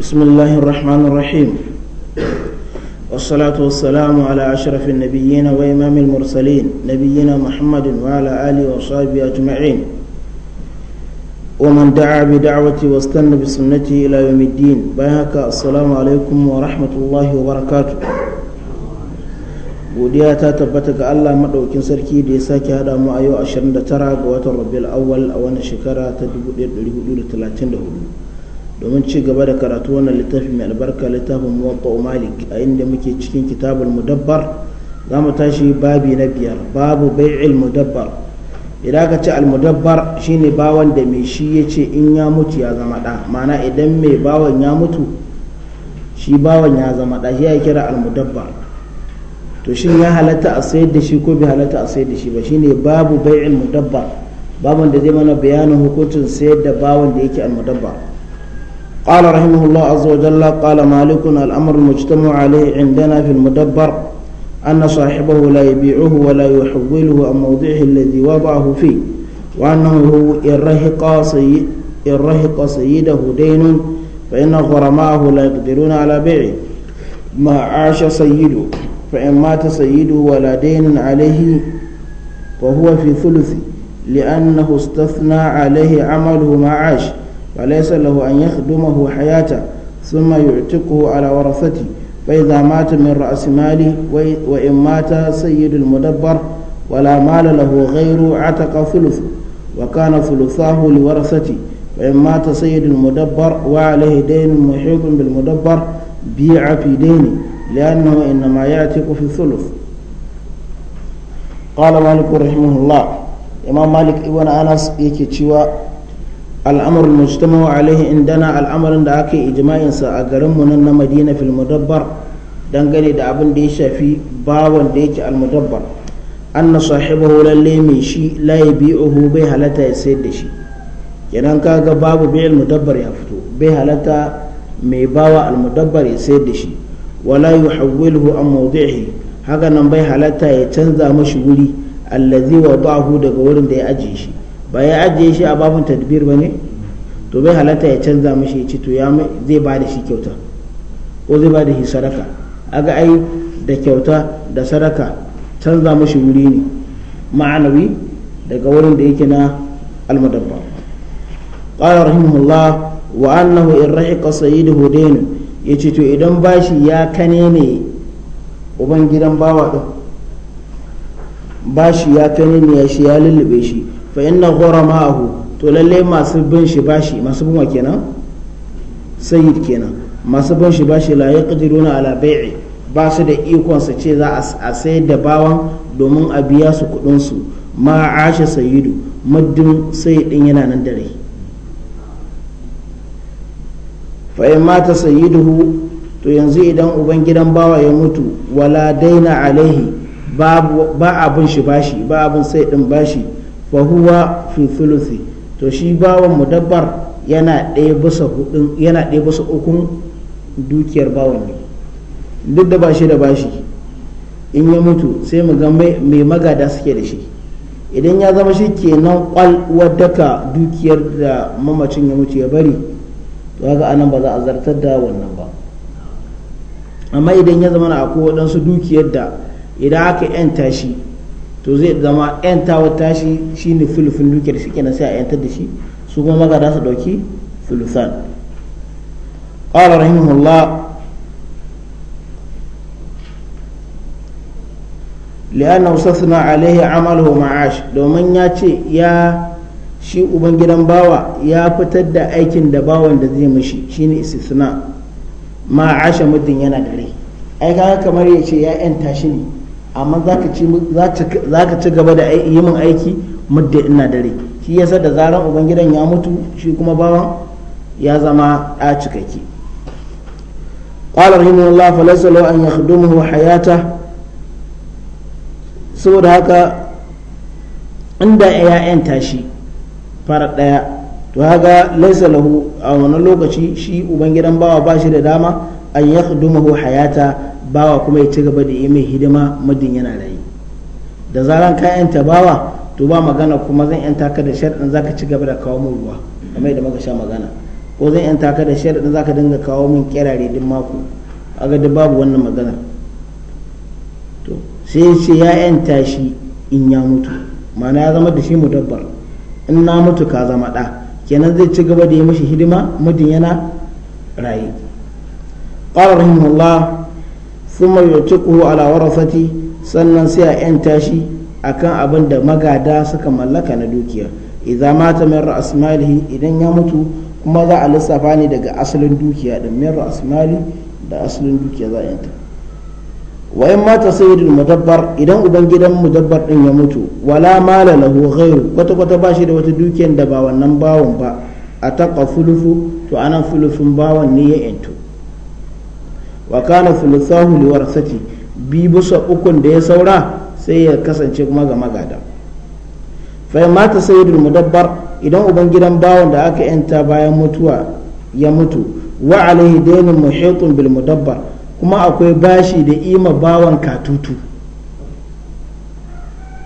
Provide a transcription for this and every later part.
بسم الله الرحمن الرحيم والصلاة والسلام على أشرف النبيين وإمام المرسلين نبينا محمد وعلى آله وصحبه أجمعين ومن دعا بدعوتي واستنى بسنته إلى يوم الدين بيهك السلام عليكم ورحمة الله وبركاته godiya ta tabbata ga Allah maɗaukin sarki da ya sake haɗa mu a yau 29 ga watan Rabiul Awwal a wannan shekara ta 1434 domin ci gaba da karatu wannan littafi mai albarka littafin muwatta malik a inda muke cikin kitabul mudabbar za mu tashi babi na biyar babu bai'il mudabbar idan ka ce almudabbar shine bawan da mai shi ya ce in ya mutu ya zama ɗa mana idan mai bawan ya mutu shi bawan ya zama ɗa shi ya kira almudabbar to shin ya halatta a sayar da shi ko bai halatta a sayar da shi ba shine babu bai'il mudabbar babu da zai mana bayanin hukuncin sayar da bawan da yake almudabbar قال رحمه الله عز وجل قال مالك الأمر المجتمع عليه عندنا في المدبر أن صاحبه لا يبيعه ولا يحوله عن موضعه الذي وضعه فيه وأنه يرهق سيد يرهق سيده دين فإن غرماءه لا يقدرون على بيعه ما عاش سيده فإن مات سيده ولا دين عليه فهو في ثلث لأنه استثنى عليه عمله ما عاش وليس له أن يخدمه حياته ثم يعتقه على ورثته فإذا مات من رأس ماله وإن مات سيد المدبر ولا مال له غير عتق ثلثه وكان ثلثاه لورثته وإن مات سيد المدبر وعليه دين محيط بالمدبر بيع في دينه لأنه إنما يعتق في الثلث قال مالك رحمه الله إمام مالك ابن أنس يكي al'amar mujtama wa alaihi indana al'amarin da aka yi sa a garin mu na madina fil mudabbar dangane da abin da ya shafi bawan da yake al mudabbar anna sahibahu lalle mai shi la yabi'uhu bai halatta ya sayar da shi kenan kaga babu bai'al mudabbar ya fito bai halatta mai bawa al mudabbar ya sayar da shi wala yuhawwiluhu an mawdi'ihi haka nan bai halatta ya canza mashi wuri allazi wada'ahu daga wurin da ya ajiye shi ba ya ajiye shi a babin tadbir ba ne to bai halatta ya canza mashi ya ci to ya zai ba da shi kyauta ko zai ba da shi sadaka aga ai da kyauta da sadaka canza mashi wuri ne ma'anawi daga wurin da yake na almadabba qala rahimahullah wa annahu in rahiqa sayyiduhu ya yace to idan bashi ya kane ne uban gidan bawa din bashi ya kane ne ya shi ya lullube shi fa inna ghurama'ahu to lalle masu bin shi bashi masu bin wa kenan sayyid kenan masu bin shi bashi la yaqdiruna ala bai'i ba su da ikon su ce za a sayar da bawan domin a biya su kudin su ma asha sayyidu muddin sayyidin yana nan dare. fa in mata sayyiduhu to yanzu idan uban gidan bawa ya mutu wala daina alaihi ba abin shi bashi ba abin sayyidin bashi fahuwa fi thuluthi to shi bawan mu yana ɗaya yana ɗaya bisa ukun dukiyar bawan ne duk da bashi da bashi in ya mutu sai mu ga mai magada suke da shi idan ya zama shi kenan kwal wadaka dukiyar da mamacin ya mutu ya bari to haka anan ba za a zartar da wannan ba amma idan ya zama na akwai waɗansu dukiyar da idan aka yanta shi to zai zama yan tawa tashi ne filifin dukiyar shi kenan sai a yantar da shi su kuma magana su dauki filusan qala rahimahullah li'anna usasna alaihi amalu ma'ash domin ya ce ya shi uban gidan bawa ya fitar da aikin da bawan da zai mishi shine istisna ma'asha muddin yana dare. rai ai kaga kamar ya ce ya yanta shi ne amma za ka ci gaba da yi min aiki mudda ina dare shi yasa da zaran ubangidan ya mutu shi kuma bawan ya zama a cikakke قال رحمه الله فليس an ya يخدمه hayata saboda haka inda ya yanta tashi fara ɗaya to haka laisa lahu a wani lokaci shi ubangidan bawa ba shi da dama an ya hayata bawa kuma ya ci gaba da yi mai hidima muddin yana rayu da zaran ka yanta bawa to ba magana kuma zan yanta ka da sharɗin ka ci gaba da kawo min ruwa kamar yadda muka sha magana ko zan yanta ka da sharɗin ka dinga kawo min kirare duk mako aga duk babu wannan magana to sai ya ce ya yanta shi in ya mutu mana ya zama da shi mu dabbar in na mutu ka zama ɗa kenan zai ci gaba da yi mashi hidima muddin yana raye قال رحمه thumma yuntiquhu ala warasati sannan sai a yanta shi akan abin da magada suka mallaka na dukiya idza mata min ra'as idan ya mutu kuma za a lissafa ne daga asalin dukiya din min ra'as da asalin dukiya za a yanta wa in mata sayyidul mudabbar idan uban gidan mudabbar din ya mutu wala mala lahu ghairu kwata kwata ba shi da wata dukiyar da ba wannan bawon ba a taqa fulufu to anan fulufun bawon ne ya yanto wa kana thuluthahu liwarasati bi bisa ukun da ya saura sai ya kasance kuma ga magada fa mata sayyidul mudabbar idan uban gidan bawon da aka yanta bayan mutuwa ya mutu wa alaihi dainun muhitun bil mudabbar kuma akwai bashi da ima bawon katutu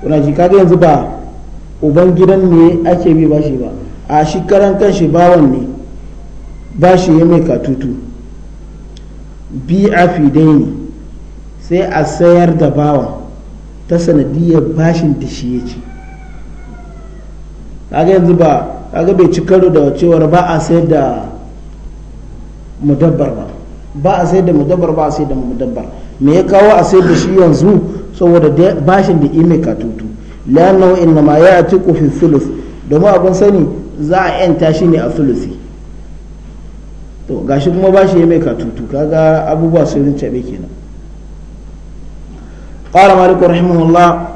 kuna ji kaga yanzu ba uban gidan ne ake bi bashi ba a shi karan kan shi bawon ne bashi ya mai katutu bi fi daini sai a sayar da bawan ta sanadiyar bashin da shi ya ci kaga yanzu ba kaga bai ci karo da cewar ba a sayar da mudabbar ba ba a sayar da mudabbar ba a sayar da mudabbar me ya kawo a sayar da shi yanzu saboda bashin da ime katutu lannahu inna ma ya ci kufin sulus domin abin sani za a yanta shi ne a sulusi to gashi kuma ba shi mai katutu kaga abubuwa sun rinca bai kenan qala malik rahimahullah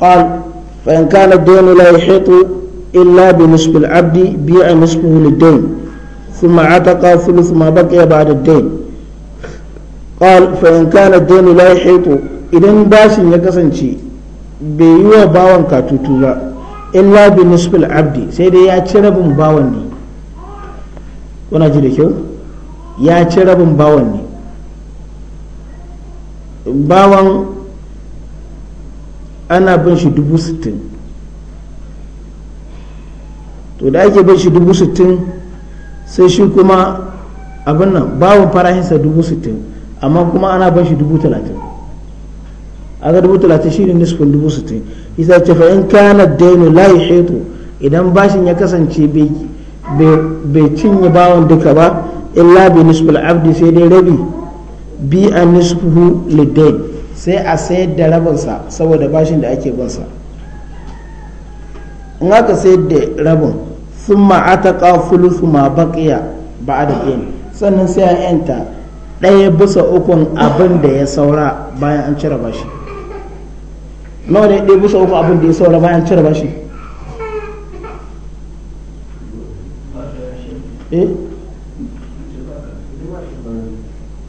qal fa in kana dawnu la yahitu illa bi nisb al abdi bi nisbuhu lid dawn thumma ataqa thuluth ma baqiya ba'da ad dawn qal fa in kana dawnu la yahitu idan bashin ya kasance bai yi wa bawan katutu ba illa bi nisb al abdi sai dai ya ci rabin bawan ne kuna ji da kyau ya ci rabin bawan ne bawan ana bin shi dubu sittin to da ake bin shi dubu sittin sai shi kuma abin nan bawan farahinsa dubu sittin amma kuma ana bin shi dubu talatin aga dubu talatin shi ne nisfin dubu sittin isa ce in kana dainu layi yi idan bashin ya kasance bai bai cinye bawan duka ba illa bi nisful abdi sai dai rabi bi a nisfuhu lidai sai a sayar da rabinsa saboda bashin da ake bansa in aka sayar da rabin sun ma'ataka su ma baƙiya ba a da sannan sai a yanta ɗaya bisa ukun abin da ya saura bayan an cire bashi nawa ne ɗaya bisa ukun abin da ya saura bayan an cire bashi eh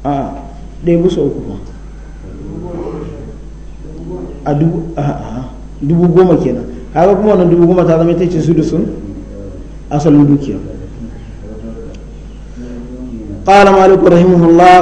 a ɗaya bisa uku ba a dubu goma kenan haka kuma wannan dubu goma ta zama ita ce su da sun asalin dukiya قال مالك رحمه الله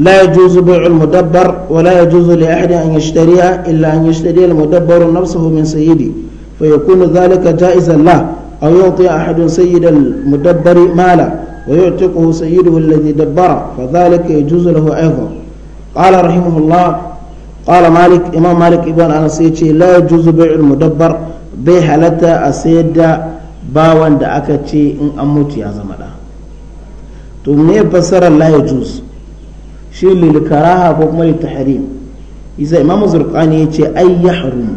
لا يجوز بيع المدبر ولا يجوز لأحد أن يشتريها إلا أن يشتري المدبر نفسه من سيدي فيكون ذلك جائزا له أو يعطي أحد سيد المدبر مالا ويعتقه سيده الذي دبره فذلك يجوز له أيضا قال رحمه الله قال مالك إمام مالك ابن أنس لا يجوز بيع المدبر بحالة أسيد باوان دا أكتشي إن أموت يا زمدا تمني بسر لا يجوز شيء للكراهة وكما للتحريم إذا إمام زرقاني يتشي أي يحرم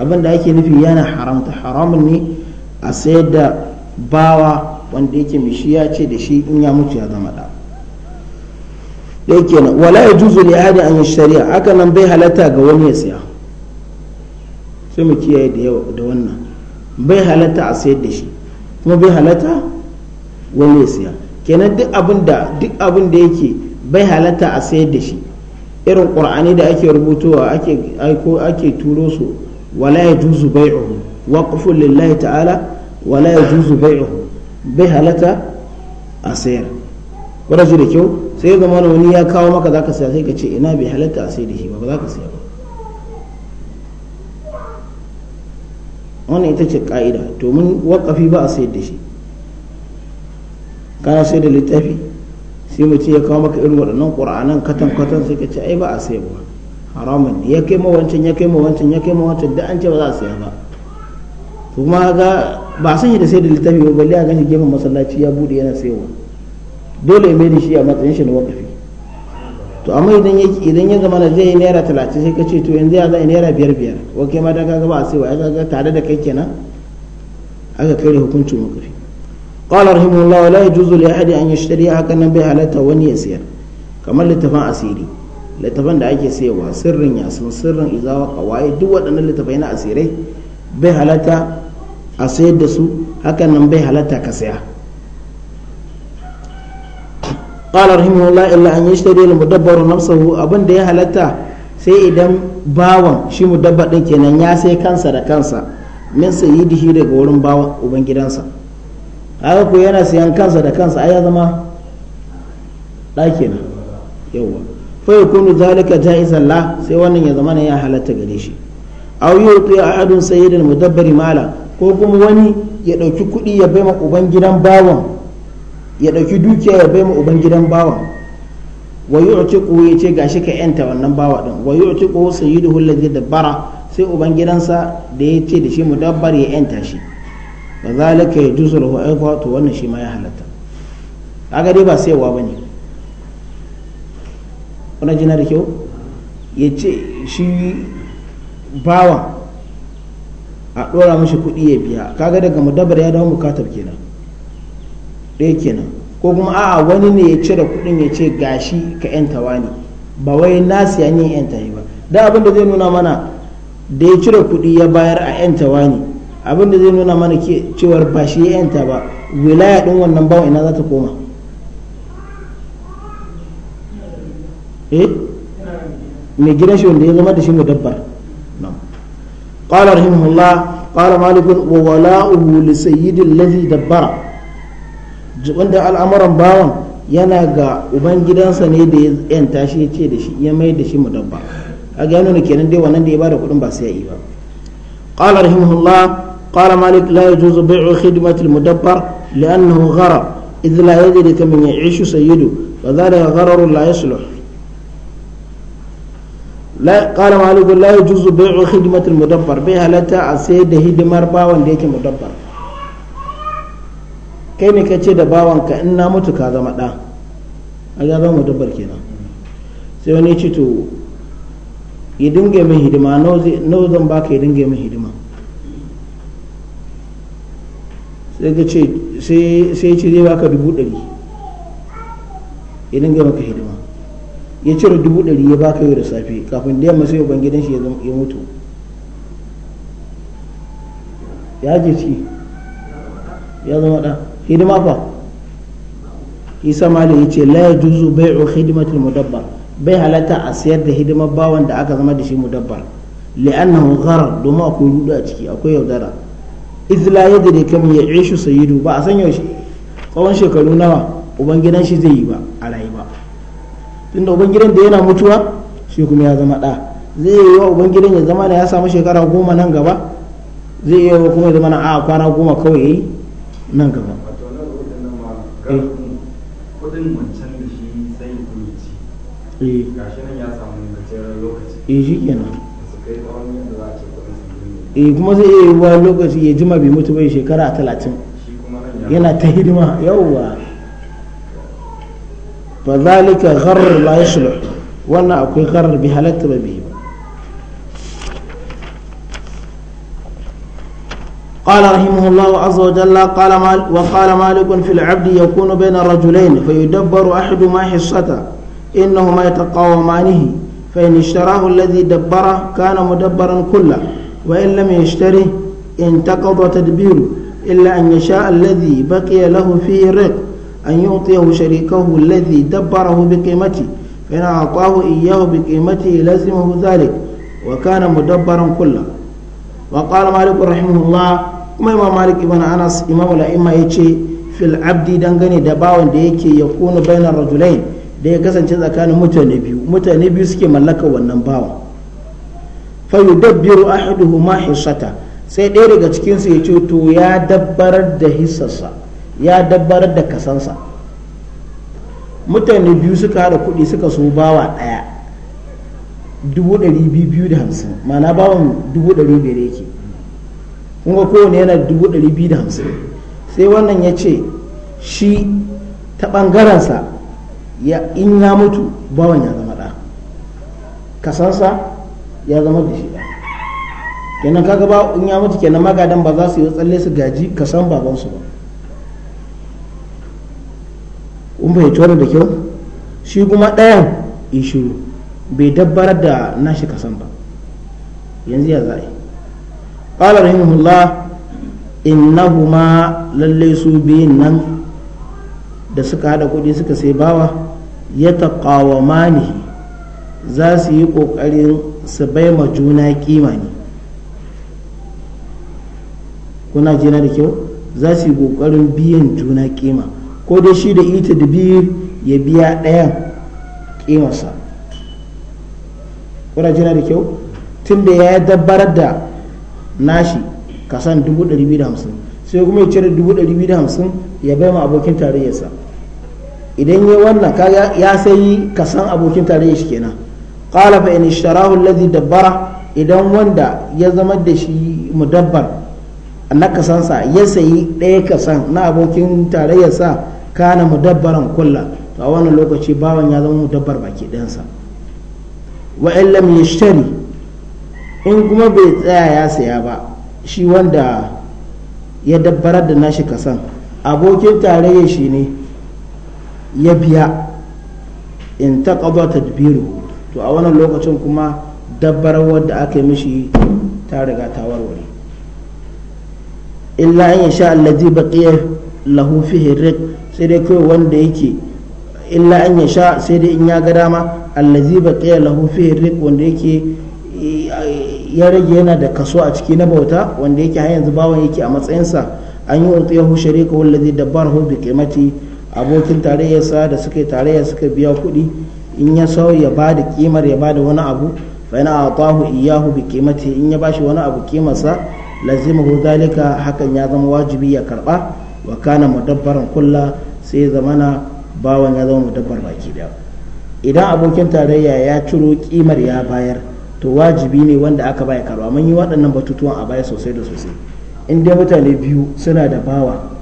abin da ake nufi yana haramta haramun ne a sayar da bawa wanda yake mai shi ya ce da shi in ya mutu ya zama da ɗaya kenan wala ya juzu ne hada an yi shari'a haka nan bai halatta ga wani ya siya sai mu kiyaye da wannan bai halatta a sayar da shi kuma bai halatta wani ya siya kenan duk abin da duk abin da yake bai halatta a sayar da shi irin ƙur'ani da ake rubutowa ake turo su wala ya juzu bai'uhu وقف لله ta'ala ولا يجوز بيعه bai halata a sayar da kyau sai zama wani ya kawo maka zaka saya sai ka ce ina bai da shi ba ba wannan ita ce ka'ida domin wakafi ba a sayar da shi kana sai da littafi sai mutum ya kawo maka irin waɗannan ƙura'anan katon katon sai ka ce ai ba a haramun ya kai ma wancan ya kai ma wancan ya da an ce ba za a saya ba to kuma ga ba san da sai da littafi ba balle a ganin gefen masallaci ya bude yana sayarwa dole ya mai shi a matsayin shi na wakafi to amma idan ya idan ya zama zai yi naira talatin sai ka ce to yanzu ya zai naira biyar biyar wake ma da ka gaba a sayarwa ya ga tare da kai kenan aka kare hukuncin wakafi قال رحمه الله لا يجوز لأحد nan bai هكذا wani ya يسير kamar littafin asiri littafin da ake sayarwa sirrin yasin sirrin izawa kawai duk waɗannan littafai na asirai bai halatta a sayar da su hakan nan bai halatta ka saya qala rahimahullah illa an yashtari al mudabbaru nafsahu abin da ya halatta sai idan bawan shi mudabbar ɗin kenan ya sai kansa da kansa min shi daga wurin bawan ubangidansa haka ko yana sayan kansa da kansa ai ya zama ɗaki na yawa fa yakunu zalika jaizan la sai wannan ya zama ne ya halatta gare shi aw yuti ahadun sayyidul mudabbari mala ko kuma wani ya dauki kuɗi ya bai ma uban gidan bawan ya dauki dukiya ya bai ma uban gidan bawan wa yu'tiqu ya ce gashi ka yanta wannan bawa din wa yu'tiqu sayyiduhu alladhi dabbara sai uban gidansa da ya ce da shi mudabbar ya yanta shi wa zalika yajuzu lahu aifa to wannan shi ma ya halatta kaga dai ba wa bane kuna jina da kyau ya ce shi bawa a ɗora mashi kuɗi ya biya kaga daga madabar ya dawo bukatar kenan ɗaya kenan ko kuma a'a wani ne ya cire kuɗin ya ce gashi ka yanta wani ba wai nasu ya ne yanta yi ba da abin da zai nuna mana da ya cire kuɗi ya bayar a yanta wani abin da zai nuna mana cewar ba shi ya yanta ba wilaya ɗin wannan bawa ina za ta koma eh mai gidan shi wanda ya zama da shi mu dabbar قال رحمه الله قال مالك وولاؤه لسيد الذي دبر wanda al'amuran bawan yana ga uban gidansa ne da ya yanta shi ya ce da shi ya mai da shi mudabba a ga nuna kenan dai wannan da ya bada kuɗin ba sai ya yi ba qala rahimahullah qala malik la yajuzu bai'u khidmatil mudabbar li'annahu gharar idh la yadri kam ya'ishu sayyidu wa dhalika gharar la yasluh قال مالك لا يجوز bai خدمة المدبر بها لتا أسيد هدمر باوان ديك مدبر kai ne ka ce da bawanka in na mutu ka zama ɗa a ya zama dabbar kenan sai wani ce to ya dinga hidima nawa zan baka ya dinga hidima sai ka ce zai baka dubu ɗari ya dinga maka hidima ya cire dubu ɗari ya baka yau da safe kafin da yamma sai ubangidan shi ya mutu ya ci ya zama da hidima fa isa mali ya ce la juzu bai'u khidmatul mudabbar bai halatta a sayar da hidimar bawan da aka zama da shi mudabbar li'annahu gharar domin akwai rudu a ciki akwai yaudara izla yadda da kamar ya ishu sayidu ba a san yaushe tsawon shekaru nawa ubangidan shi zai yi ba a rayuwa tunda ubangiren da yana mutuwa shi kuma ya zama ɗa zai yi wa ubangiren ya zama da ya samu shekara goma nan gaba zai yi wa kuma ya zama na a kwana goma kawai yayi nan gaba e shi kenan eh kuma zai iya yi wa lokaci ya jima bai mutu bai shekara talatin yana ta hidima yawwa فذلك غر لا يصلح وانا wannan غر بها لا به قال رحمه الله عز وجل قال مال وقال مالك في العبد يكون بين الرجلين فيدبر أحدهما حصته إنهما يتقاومانه فإن اشتراه الذي دبره كان مدبرا كله وإن لم يشتره انتقض تدبيره إلا أن يشاء الذي بقي له فيه رق أن يعطيه شريكه الذي دبره بقيمته فإن أعطاه إياه بقيمته لزمه ذلك وكان مدبرا كله وقال مالك رحمه الله kuma imam malik ibn anas imamu la'imma ya ce fil abdi dangane da bawan da yake ya kuna bainar rajulain da ya kasance tsakanin mutane biyu mutane biyu suke mallaka wannan bawan fa yudabbiru ahaduhuma hissata sai ɗaya daga cikinsu ya ce to ya dabbarar da hissarsa ya dabbarar da kasansa mutane biyu suka hada kuɗi suka so bawa ɗaya dubu ɗari biyu da hamsin ma'ana bawan dubu ɗari biyar yake kun ga kowane yana dubu ɗari biyu da hamsin sai wannan ya ce shi ta ɓangarensa in ya mutu bawan ya zama ɗa kasansa ya zama da shi ɗa kenan kaga ba in ya mutu kenan magadan ba za su yi tsalle su gaji kasan babansu ba in fahimci wannan da kyau shi kuma ɗayan ya shiru bai dabbarar da nashi kasan ba yanzu ya ƙalar hula in na ma lalle su biyun nan da suka haɗa kuɗi suka sai bawa ya ne za su yi ƙoƙarin su bai ma juna kima ne kuna jina da kyau za su yi ƙoƙarin biyan juna ƙima. ko dai shi da ita da biyu ya biya ɗayan ƙimarsa kuna jina da kyau tun da ya dabbarar da nashi kasan hamsin sai kuma ya cire hamsin ya bai ma abokin tarayyarsa idan ya wannan ya sayi kasan abokin tarayyar shi kenan qala fa in ishtarahu alladhi dabbara idan wanda ya zama da shi mu dabbar na kasansa ya sayi ɗaya kasan na abokin tarayyarsa kana mudabbaran kulla to a wannan lokaci bawan ya zama mudabbar baki ɗansa wa lam yashtari in kuma bai tsaya ya saya ba shi wanda ya dabbarar da nashi kasan abokin tarayya shi ne ya biya in ta tadbiru to a wannan lokacin kuma dabbarar wadda aka yi mishi ta riga ta warware illa in sha allazi baƙiyar lahu fihi rik sai dai kawai wanda yake illa an ya sha sai dai in ya ga dama allazi baqiya lahu fihi rik wanda yake ya rage yana da kaso a ciki na bauta wanda yake har yanzu bawan yake a matsayinsa an yi utiyahu sharika wallazi hu bi qimati abokin tarayyarsa da suka yi tarayya suka biya kuɗi in ya sau ya ba da kimar ya ba da wani abu fa yana atahu iyahu bi qimati in ya bashi wani abu kimarsa lazimahu zalika hakan ya zama wajibi ya karba wa kana mudabbaran kulla sai zamana bawan ya zama mudabbar baki daya idan abokin tarayya ya ciro kimar ya bayar to wajibi ne wanda aka baya karba mun yi waɗannan batutuwan a baya sosai da sosai in dai mutane biyu suna da bawa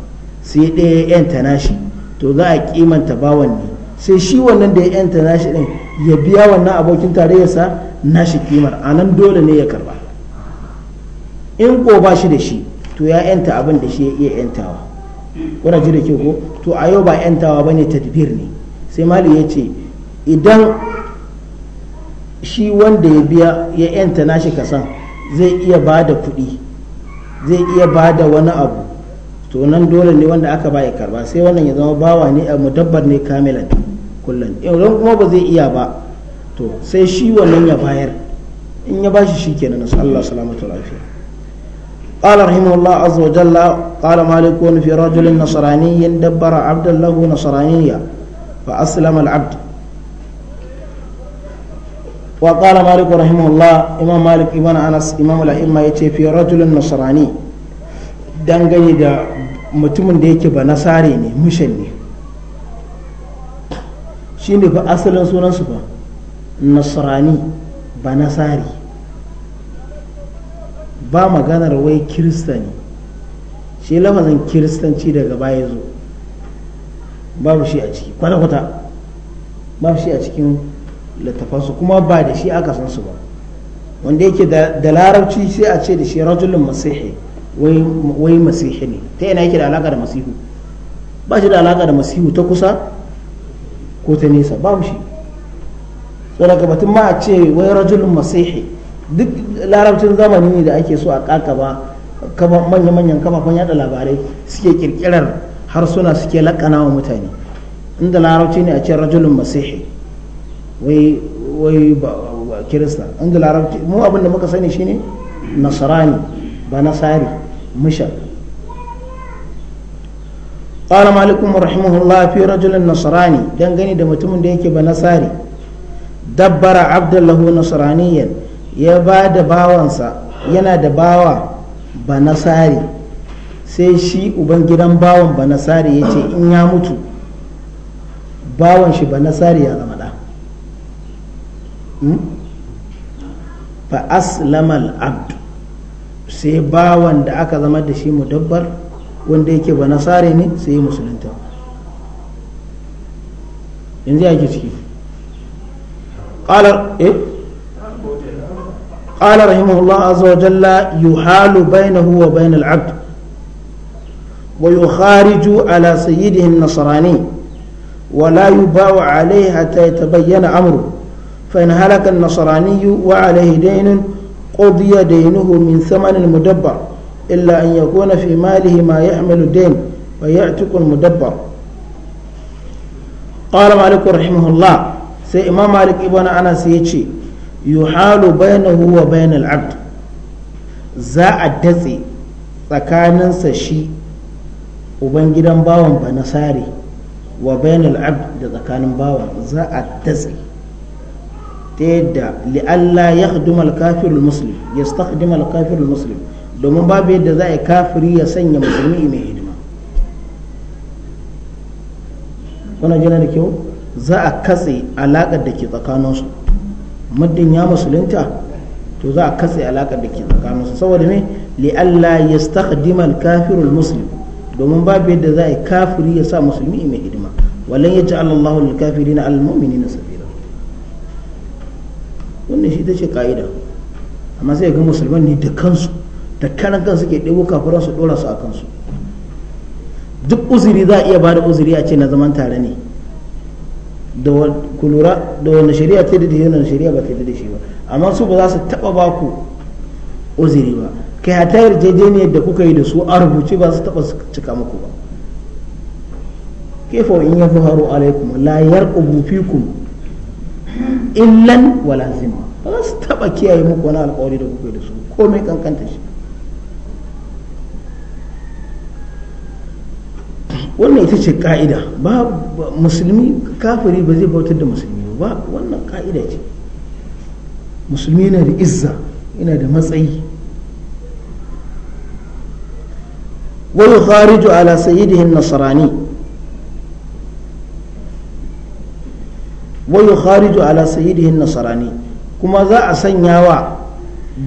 sai ɗaya ya yanta nashi to za a kimanta bawan ne sai shi wannan da ya yanta nashi ɗin ya biya wannan abokin tarayyarsa nashi kimar a nan dole ne ya karba in ko ba shi da shi to ya yanta abin da shi ya iya yantawa kuna ji da ke ko to a yau ba yantawa ba ne tadbir ne sai mali ya ce idan shi wanda ya biya ya yanta nashi kasan zai iya ba da kuɗi zai iya ba da wani abu to nan dole ne wanda aka ba ya karba sai wannan ya zama bawa ne a mudabbar ne kamilat kullum idan kuma ba zai iya ba to sai shi wannan ya bayar in ya bashi shi kenan nasu Allah salamatu lafiya قال رحمه الله عز وجل قال مالك في رجل نصراني دبر عبد له نصرانيا فأسلم العبد وقال مالك رحمه الله إمام مالك إمام أنس إمام الأئمة يتي في رجل نصراني دنجي دا متمن da yake ba nasare ne mishan ne shi ne fa asalin sunansu ba nasrani ba maganar wai kirista ne shi lafazin kiristanci daga baya zo babu shi a ciki kwata-kwata babu shi a cikin littafansu kuma ba da shi aka san su ba wanda yake da larabci sai a ce da shi rajulun masihi wai masihi ne ta yana yake da alaka da masihu ba shi da alaka da masihu ta kusa ko ta nesa babu shi tsoron batun ma a ce wai rajulun masihi duk larabcin zamani ne da ake so a kakaba manya-manyan kafafen yada labarai suke kirkirar harsuna suke lakana wa mutane inda larabci ne a ce rajulun masihi wai wai ba kirista inda larabci mu abin da muka sani shine nasarani ba nasari mushar قال مالك رحمه fi rajulun nasarani نصراني gani da mutumin da yake ba nasari dabbara abdallahu nasraniyan ya ba da bawansa yana da bawa ba nasari sai shi uban gidan bawan ba nasari ya ce in ya mutu bawan shi ba nasari ya zama ɗa hmm? fa aslamal abd sai bawan da aka zama da shi mudabbar wanda yake ba nasare ne sai yi musulunta yanzu ya ke ciki ƙalar eh قال رحمه الله عز وجل يحال بينه وبين العبد ويخارج على سيده النصراني ولا يباع عليه حتى يتبين أمره فإن هلك النصراني وعليه دين قضي دينه من ثمن المدبر إلا أن يكون في ماله ما يحمل الدين ويعتق المدبر قال مالك رحمه الله سي إمام مالك ابن أنس يجي yuhalu bainahu wa bainal abd za a datse tsakaninsa shi ubangidan bawan ba wa bainal abd da tsakanin bawan za a datse ta yadda li'alla ya khidumar kafirul muslim ya stakhdimar kafirul muslim domin babu yadda za a yi kafiri ya sanya musulmi mai hidima kuna jina da kyau za a katse alaƙar da ke tsakaninsu muddin ya musulunta to za a katse alaka da ke tsakaninsu saboda me li'alla yastakhdima al-kafiru al-muslim domin babu yadda za a yi kafiri ya sa musulmi mai hidima walan yaj'al Allahu lil-kafirina al-mu'minina sabila wannan shi tace kaida amma sai ga musulman ne da kansu da karan kansu ke ɗebo kafiran su dora su a kansu duk uzuri za a iya bada uzuri a ce na zaman tare ne da kulura da wani shari'a ta da yana shari'a ba ta da shi ba amma su ba za su taba ba ku uzuri ba kai ta yarjejeniyar da kuka yi da su a rubuce ba su taba cika muku ba kefa in ya fi haro alaikum la yar illan wala zima ba za su taba kiyaye muku wani alkawari da kuka yi da su komai kankanta shi wannan ita ce ka'ida ba musulmi kafiri ba zai bautar da musulmi ba wannan ka'ida ce musulmi yana da izza yana da matsayi wani kharijo ala sayyidihin nasarani wani kharijo ala sayyidihin nasarani kuma za a sanya wa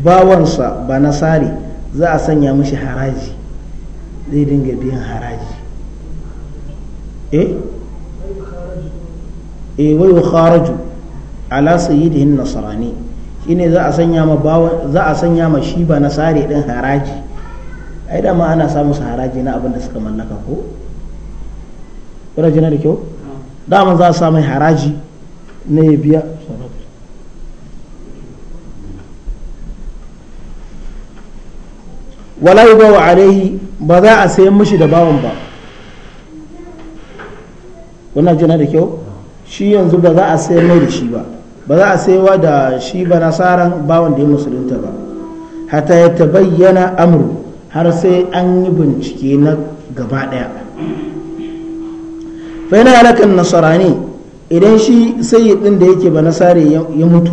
bawansa ba nasari za a sanya mashi haraji zai dinga biyan haraji eh eh wai kharaju ala sayyidihin nasrani shine za a sanya ma bawa za a sanya ma shi ba nasare din haraji ai da ma ana samu su haraji na abin da suka mallaka ko kuna jina da kyau daman za a samu haraji na ya biya wala yi bawa alaihi ba za a sayan mishi da bawan ba wannan jina da kyau shi yanzu ba za a sayar mai da shi ba ba za a wa da shi ba nasaran bawan da ya musulunta ba hata ya tabayyana amru har sai an yi bincike na gaba daya fa yana halakan nasarani idan shi sayi ɗin da yake ba nasare ya mutu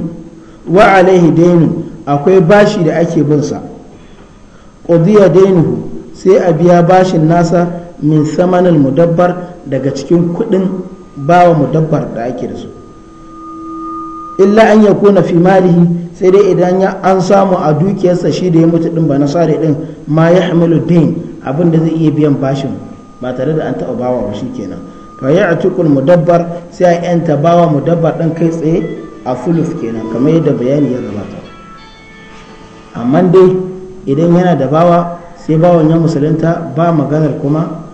wa alaihi dainu akwai bashi da ake bin sa qudiya dainu sai a biya bashin nasa min samanin mudabbar daga cikin kuɗin bawa mudabbar da ake da su illa an ya kuna fi malihi sai dai idan ya an samu a dukiyarsa shi da ya mutu din ba na sare din ma ya hamilu din abin da zai iya biyan bashin ba tare da an taɓa bawa ba kenan fa ya atikul mudabbar sai a yanta bawa mudabbar ɗin kai tsaye a fuluf kenan kamar yadda bayani ya gabata amma dai idan yana da bawa sai bawan ya musulunta ba maganar kuma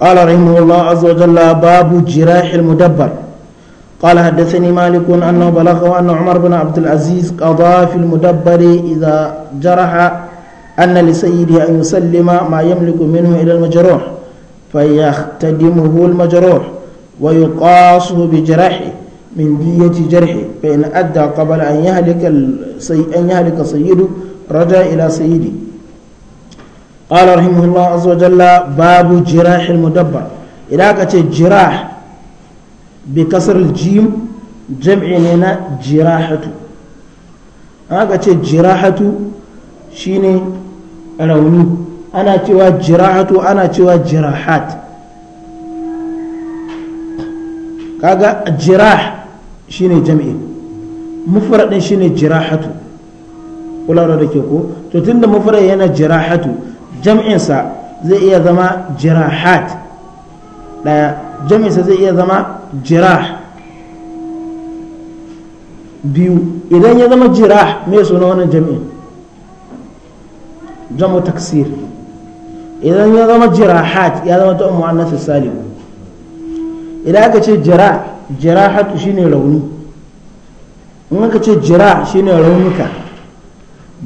قال رحمه الله عز وجل باب جراح المدبر قال حدثني مالك أنه بلغه أن عمر بن عبد العزيز قضى في المدبر إذا جرح أن لسيده أن يسلم ما يملك منه إلى المجروح فيختدمه المجروح ويقاصه بجرحه من دية جرحه فإن أدى قبل أن يهلك أن يهلك سيده raja إلى سيدي قال رحمه الله عز وجل باب جراح المدبر إذا كانت جراح بكسر الجيم جمع لنا جراحة aka ce jirahatu shine rauni ana cewa jirahatu ana cewa jirahat kaga jirah shine jam'i mufradin shine jirahatu kulawar da ke ko to da mafura yana jirahatu jam'insa sa zai iya zama jirahat daya jam'insa sa zai iya zama jirah biyu idan ya zama jirah me suna wannan jam'in jamu taksir idan ya zama jirahat ya zama ta na salim idan aka ce jira jirahatu shine rauni in aka ce jira shine raunuka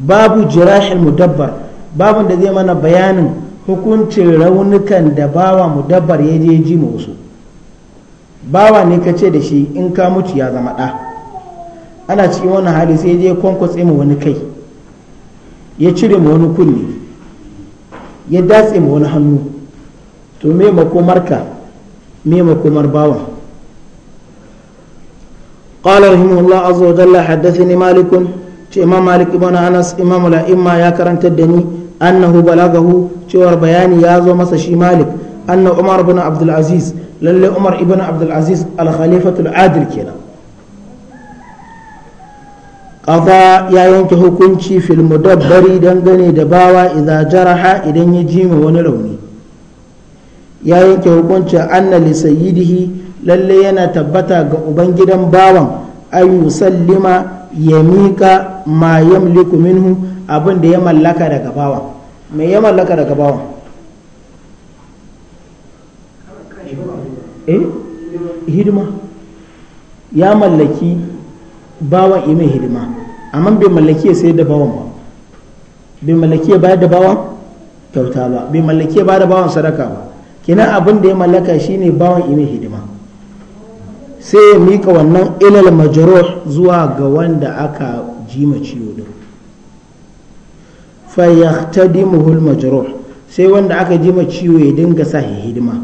babu jirahil mudabbar babu da zai mana bayanin hukuncin raunukan da bawa mudabbar ya je ji ma wasu bawa ne ka ce da shi in ka mutu ya zama ɗa ana cikin wani hali sai je kwankwatse ma wani kai ya cire ma wani kunne ya datse ma wani hannu to me makomar ka me makomar bawa قال رحمه الله عز وجل حدثني مالك ce imam malik ibn anas imam la'imma ya karantar da ni annahu balagahu cewar bayani ya zo masa shi malik anna umar ibn abdul aziz lalle umar ibn abdul aziz al al adil kenan qada ya yanke hukunci fil mudabbari dangane da bawa idza jaraha idan ya jima wani rauni ya yanke hukuncin anna li sayyidihi lalle yana tabbata ga ubangidan bawan ayu sallima ya mika ma yamliku minhu abin da ya mallaka daga bawa me ya mallaka daga bawa eh hidima ya mallaki bawan ime hidima amma bai mallaki ya sayar da bawan ba bai mallaki ya bayar da bawan kyauta ba bai mallaki ya bayar da bawan sadaka ba kina abin da ya mallaka shine bawan ime hidima sai ya mika wannan ilal majruh zuwa ga wanda aka jima ciwo din fa yaqtadimuhu al majruh sai wanda aka jima ciwo ya dinga sa hidima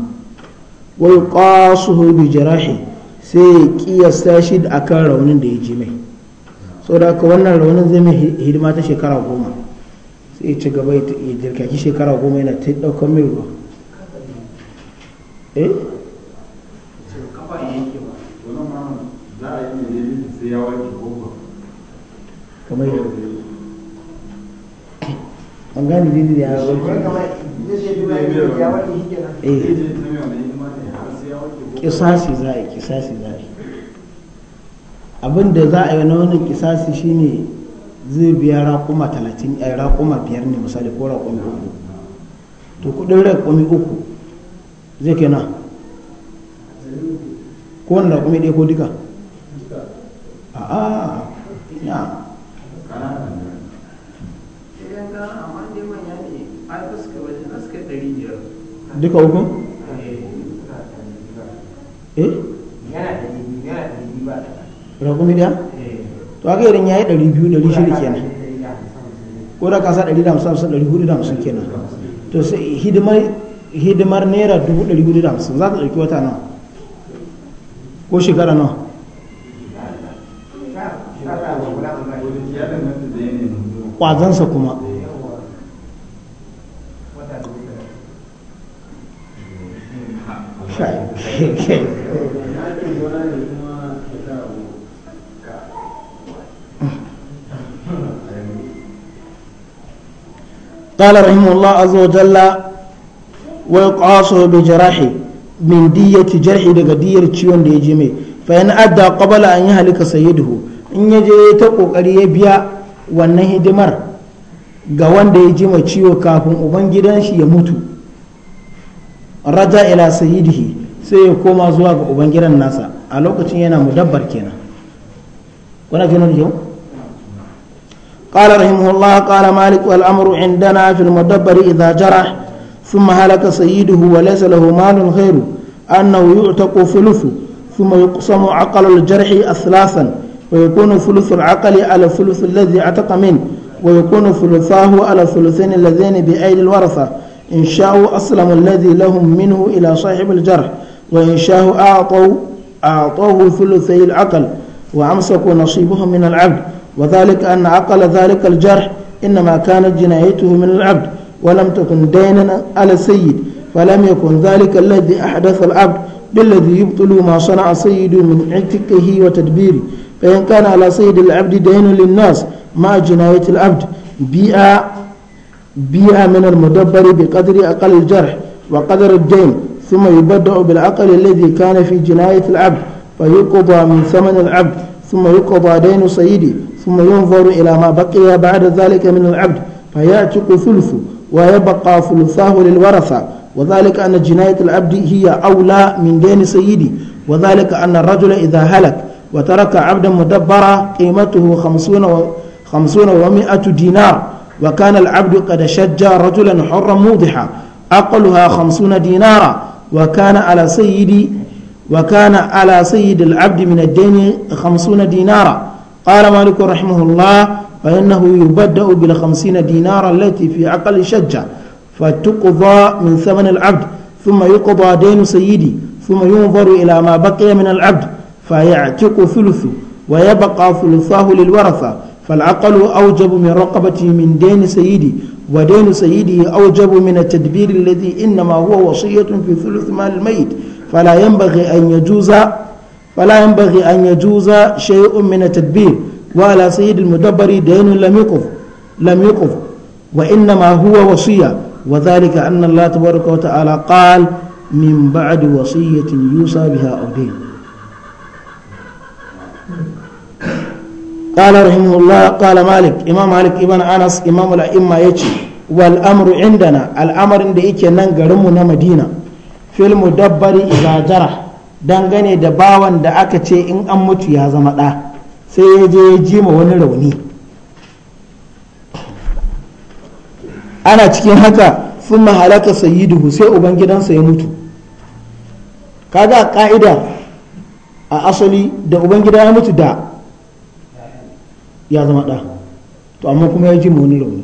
wa yuqasuhu bi jarahi sai ya kiyasta shi akan raunin da ya ji mai saboda ka wannan raunin zai mai hidima ta shekara goma sai ya ci gaba ya jirkaki shekara goma yana ta ɗaukar mai ruwa eh kamar yadda ku yi an gane dini da ya warke eh. kisasi za a yi kisasi za a yi abin da za a yi na wani kisasi shine zai biya raƙuma talatin a eh, raƙuma biyar ne misali ko raƙumi uku to kudin raƙumi uku zai kai na ko wani raƙumi ɗaya ko duka a a. duka uku eh rakumi da to aka irin yayi 200 600 kenan ko da kasa 150 450 kenan to sai hidimar hidimar naira dubu 450 za ta dauki wata nan ko shekara nan kwazansa kuma قال رحمه الله عز وجل ويقاصه بجراحه من دية جرحي daga diyar ciwon da ya je mai fa yana adda qabala an yahlika sayyiduhu in ya je ta kokari ya biya wannan hidimar ga wanda ya jima mai ciwo kafin uban gidan shi ya mutu raja ila sayyidihi sai ya koma zuwa ga ubangiran nasa a lokacin yana mudabbar kenan kuna gano da kyau قال رحمه الله قال مالك والأمر عندنا في المدبر إذا جرح ثم هلك سيده وليس له مال غيره أنه يعتق ثلثه ثم يقسم عقل الجرح أثلاثا ويكون ثلث العقل على الثلث الذي عتق منه ويكون ثلثاه على الثلثين اللذين بأيدي الورثة إن شاءوا أسلموا الذي لهم منه إلى صاحب الجرح وإن شاءوا أعطوا أعطوه ثلثي العقل وأمسكوا نصيبهم من العبد وذلك أن عقل ذلك الجرح إنما كانت جنايته من العبد ولم تكن دينا على السيد فلم يكن ذلك الذي أحدث العبد بالذي يبطل ما صنع السيد من عتقه وتدبيره فإن كان على سيد العبد دين للناس مع جناية العبد بيئة بيع من المدبر بقدر أقل الجرح وقدر الدين ثم يبدأ بالعقل الذي كان في جناية العبد فيقضى من ثمن العبد ثم يقضى دين سيده ثم ينظر إلى ما بقي بعد ذلك من العبد فيعتق ثلثه ويبقى ثلثاه للورثة وذلك أن جناية العبد هي أولى من دين سيده وذلك أن الرجل إذا هلك وترك عبدا مدبرا قيمته خمسون, و... خمسون ومائة دينار وكان العبد قد شجع رجلا حرا موضحا أقلها خمسون دينارا وكان على سيد وكان على سيد العبد من الدين خمسون دينارا قال مالك رحمه الله فإنه يبدأ بالخمسين دينارا التي في عقل شجة فتقضى من ثمن العبد ثم يقضى دين سيدي ثم ينظر إلى ما بقي من العبد فيعتق ثلثه ويبقى ثلثاه للورثة فالعقل أوجب من رقبتي من دين سيدي ودين سيدي أوجب من التدبير الذي إنما هو وصية في ثلث مال الميت فلا ينبغي أن يجوز فلا ينبغي أن يجوز شيء من التدبير وعلى سيد المدبر دين لم يقف لم يقف وإنما هو وصية وذلك أن الله تبارك وتعالى قال من بعد وصية يوصى بها أو دين قال رحمه الله قال مالك إمام مالك ابن أنس إمام الأئمة يجي والأمر عندنا الأمر عند إيكي ننقرم نمدينة في المدبر إذا جرح dangane da bawan da aka ce in an mutu ya zama ɗa sai yaje je ya ji wani rauni ana cikin haka sun mahalaka sayyiduhu sai ubangidansa ya mutu kaga a a asali da ubangida ya mutu da ya zama ɗa to amma kuma ya ji mu wani rauni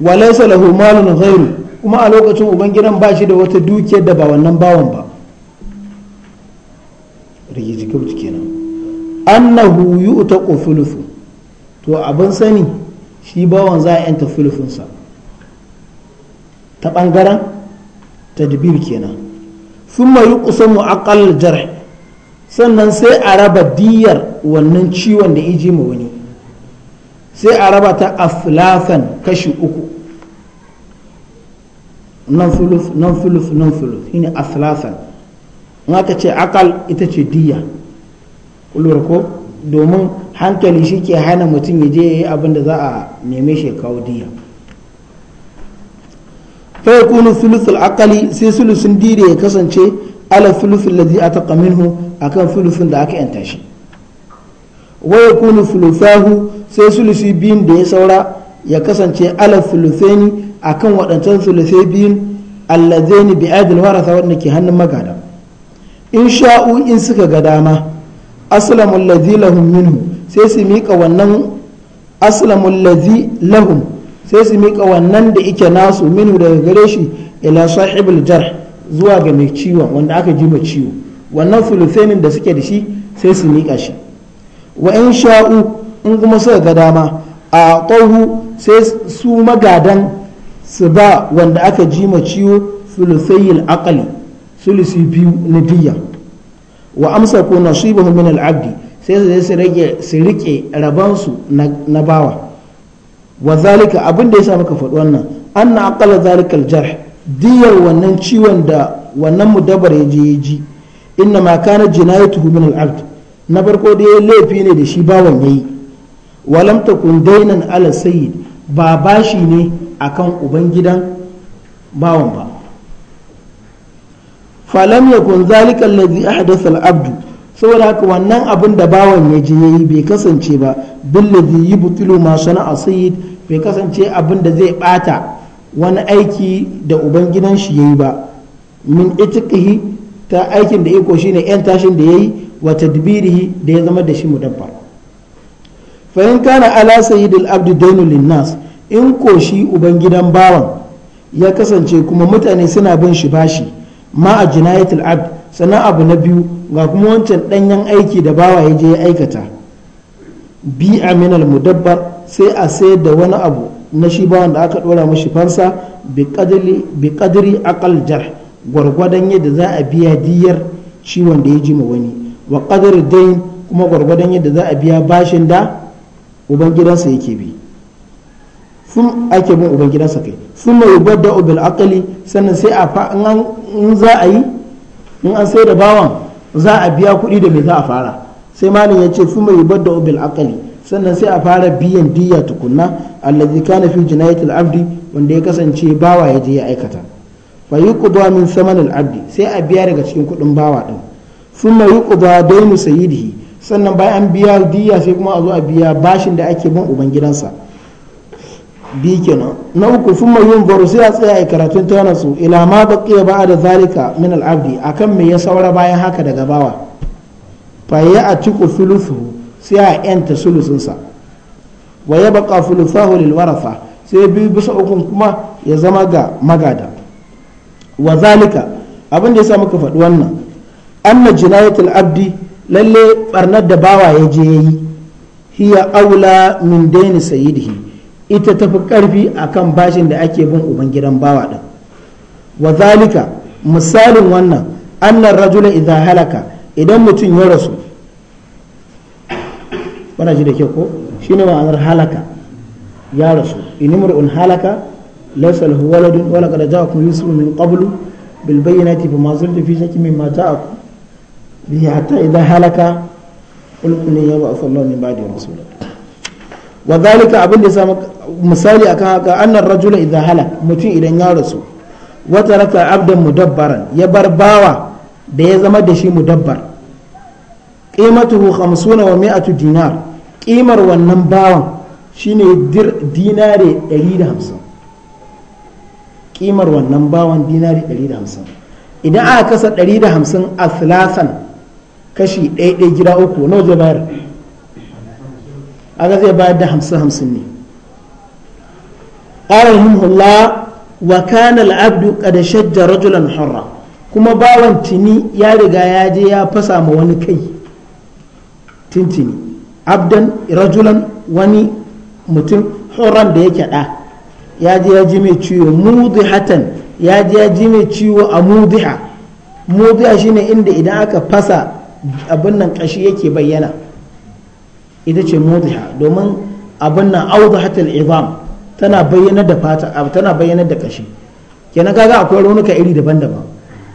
walaisa lahu malun ghairu kuma a lokacin ubangidan ba shi da wata dukiyar da ba wannan bawan ba rigiji an kenan annahu ta thuluthu to abin sani shi bawan za a yanta thuluthinsa ta bangaren tadbir kenan thumma yuqsamu aqal jar' sannan sai a raba diyar wannan ciwon da iji ma wani sai a raba ta aflafan kashi uku nan fuluf nan fuluf nan shine aflafan aka ce akal ita ce diya kulura ko domin hankali shi ke hana mutum ya je ya yi abin da za a neme shi kawo diya fa yakunu thuluthul aqali sai sulusun diya ya kasance ala thuluthul ladzi ataqa minhu akan sulusun da aka yanta shi waya kunu sulusahu sai sulusi biyun da ya saura ya kasance ala sulusaini akan waɗancan sulusai biyun allazaini bi adil warasa wanda ke hannun magada in sha'u in suka ga dama aslamul ladzi lahum minhu sai su mika wannan aslamul lahum sai su mika wannan da ike nasu minhu daga gare shi ila sahibul jarh zuwa ga mai ciwon wanda aka ji ciwo wannan sulusainin da suke da shi sai su miƙa shi wa in sha'u in kuma suka ga dama a ƙauhu sai su magadan su ba wanda aka ji ma ciwo sulusayil aqali sulusi biyu na diya wa amsa ko bahu min al'abdi abdi sai su su rage su rike rabansu na bawa wa zalika abin da yasa muka faɗi wannan an na zalika zalikal diyar wannan ciwon da wannan mudabar ya je ya ji inna ma kana jinayatuhu min al-abd na farko da yayi laifi ne da shi bawan yayi walam takun dainan ala sayyid ba bashi ne akan uban gidan bawan ba falam yakun zalika alladhi ahdatha al-abd saboda haka wannan abin da bawan ya je yayi bai kasance ba billadhi yubtilu ma sana'a sayyid bai kasance abin da zai bata wani aiki da ubangidan gidan shi yayi ba min itiqihi ta aikin da iko shine yan tashin da yayi wa tadbirihi da ya zama da shi mudabba fa in kana ala sayyidil abdi dainu linnas in ko shi ubangidan bawan ya kasance kuma mutane suna bin shi bashi ma a jinayatul abd sannan abu na biyu ga kuma wancan danyen aiki da bawa ya je ya aikata bi aminal mudabbar sai a sayar da wani abu na shi bawan da aka dora mashi fansa bi qadri aqal jarh gwargwadon yadda za a biya diyar ciwon da ya jima wani wa kadar dain kuma gwargwadon yadda za a biya bashin da ubangidansa yake bi sun ake bin ubangidansa kai sun mai da bil akali sannan sai a fa in za a yi in an sai da bawan za a biya kuɗi da me za a fara sai malin ya ce sun mai da bil akali sannan sai a fara biyan diya tukunna allazi kana fi jinayatul abdi wanda ya kasance bawa ya je ya aikata fa yuqda min samanil abdi sai a biya daga cikin kuɗin bawa din thumma yuqda don sayyidihi sannan bayan an biya diya sai kuma a zo a biya bashin da ake bin ubangidansa bi kenan na uku sun yin baro sai a tsaya a karatun tana su ila ma ba da zalika min al'abdi abdi kan me ya saura bayan haka daga bawa fa ya atiku ku sai a yanta sulusunsa wa ya baqa thuluthahu lil warafa sai biyu bisa ukun kuma ya zama ga magada wa zalika abin da ya sa muka faɗi wannan anna jinayatul abdi lalle barnar da bawa ya je yayi hiya aula min daini sayyidihi ita tafi karfi kan bashin da ake bin ubangidan bawa din wa zalika misalin wannan anna rajula idza halaka idan mutum ya rasu bana ji da ke ko shine ma'anar halaka ya rasu inimrun halaka ليس له ولد ولقد جاءكم يوسف من قبل بالبينات فما زلت في شك مما جاءكم به حتى إذا هلك قل إني يبعث الله من بعد رسولا وذلك أبن لسام مثالي أكاكا أن الرجل إذا هلك متين إلى يارسو وترك عبدا مدبرا يبر باوى da ya zama da shi mudabbar ƙimatuhu hamsuna wa mi'atu dinar ƙimar wannan bawan shine dinare 150 kimar wannan bawan dinari 150 idan aka kasa 150 a thalathan kashi ɗaya gida uku nawa zai bayar aka zai bayar da hamsin hamsin ne qala rahimahullah wa kana al-abdu shajja rajulan hurra kuma bawan tini ya riga ya je ya fasa ma wani kai tintini abdan rajulan wani mutum horon da yake ɗa ya ji ya ji mai ciwo mudihatan ya ji ya ji mai ciwo a mudiha mudiha shine inda idan aka fasa abin nan kashi yake bayyana ita ce mudiha domin abin nan awdahatul izam tana bayyana da fata tana bayyana da kashi kenan kaga akwai raunuka iri daban-daban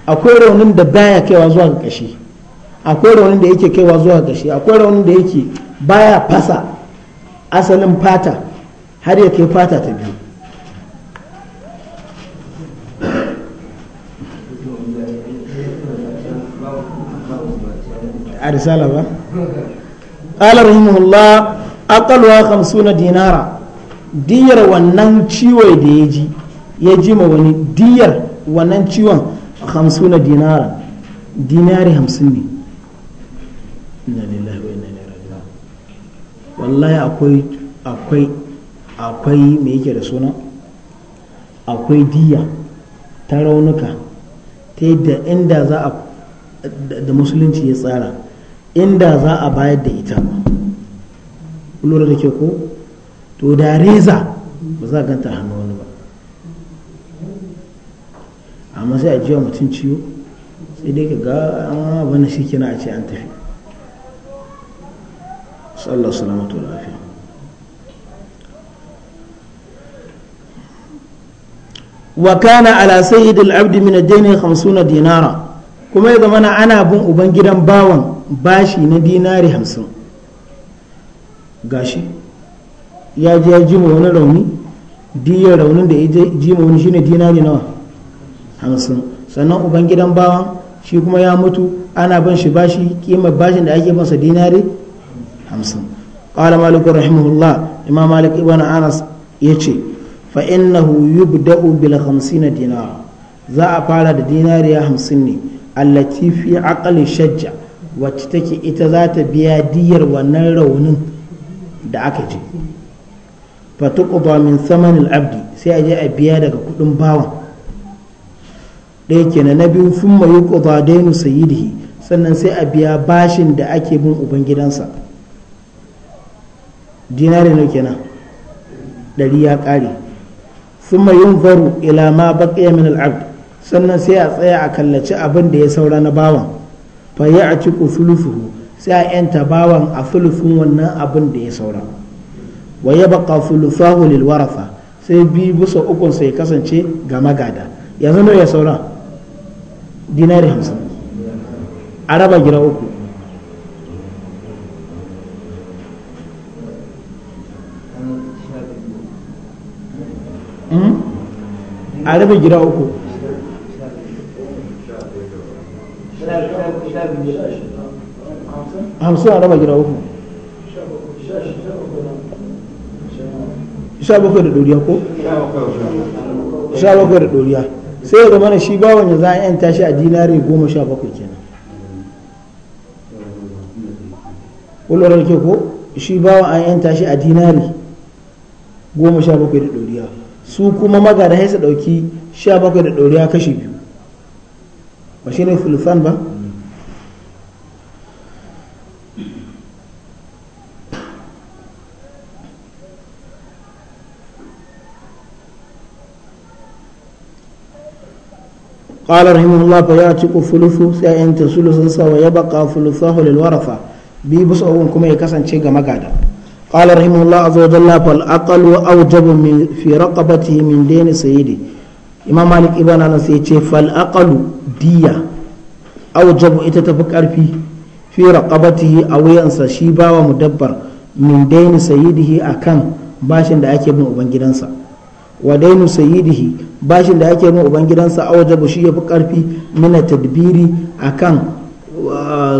akwai raunin da baya kaiwa zuwa ga kashi akwai raunin da yake kaiwa zuwa ga kashi akwai raunin da yake baya fasa asalin fata har ya kai fata ta biyu a risala ba ƙalar rahimahullah aqalwa 50 dinara diyar wannan ciwo da ya ji ya ji ma wani diyar wannan ciwon 50 dinara dinari hamsin ne inna lillahi wa inna ilaihi raji'un wallahi akwai akwai akwai me yake da suna akwai diya ta raunuka ta yadda inda za a da musulunci ya tsara inda za a bayar da ita lura da ke ko to da reza ba za a ganta hannu wani ba amma sai a jiwa mutum ciwo sai dai ka ga an bana shi kina a ce an tafi sallallahu salamatu wa lafiya wa kana ala sayyidil abdi min ad-dayn 50 dinara kuma ya zamana ana bin uban gidan bawan bashi na dinari hamsin gashi ya ji ya ji ma wani rauni diyar raunin da ya ji ma wani shine dinari nawa hamsin sannan uban gidan bawan shi kuma ya mutu ana bin shi bashi kima bashin da ake masa dinari hamsin قال مالك رحمه الله إمام مالك ابن أنس يتشي فإنه يبدأ بالخمسين دينار ذا dinari دينار يا خمسين allati fi aqli shajja wacce take ita za ta biya diyar wannan raunin da aka ji fatuqda min samanil abdi sai a je a biya daga kudin bawan ɗaya kenan na biyu sun mayu ƙuba dainu sannan sai a biya bashin da ake bin uban gidansa dinari ne kenan ɗari ya ƙare sun mayun faru ila ma baƙiya min sannan sai a tsaya a kallaci abin da ya saura na bawan fa ya a ciku sulusuhu sai a yanta bawan a sulusun wannan abin da ya saura wa ya baka sulusahu lil warafa sai bi bisa ukun sai kasance ga magada yanzu nawa ya saura dinari hamsin a raba gira uku hmm? a raba gida uku hamsin a raba gida uku sha bakwai da doriya ko? sha bakwai da doriya sai ya mana shi bawon ya za a yanta shi a dinari goma sha bakwai kenan kullum ke ko shi bawa an yanta shi a dinari goma sha bakwai da doriya su kuma maga da haisa dauki sha bakwai da doriya kashi biyu ba shi ne filifan ba ƙwalar himan lafa ya ci kufulufu sai a yanta sulusun sawa ya baka filifahu lalwarafa bi bisa abin kuma ci kufulufu sai a baka filifahu lalwarafa bi bisa kuma ya kasance ga magada ƙalar himan lafa ya ci kufulufu sai a yanta sulusun sawa ya baka filifahu lalwarafa imam malik ibana nan ya ce fal aqalu diya jabu ita tafi karfi fi raqabatihi a yansa shi bawa mudabbar min daini sayyidihi akan bashin da ake bin ubangidansa wa daini sayyidihi bashin da ake bin ubangidansa jabu shi yafi karfi min tadbiri akan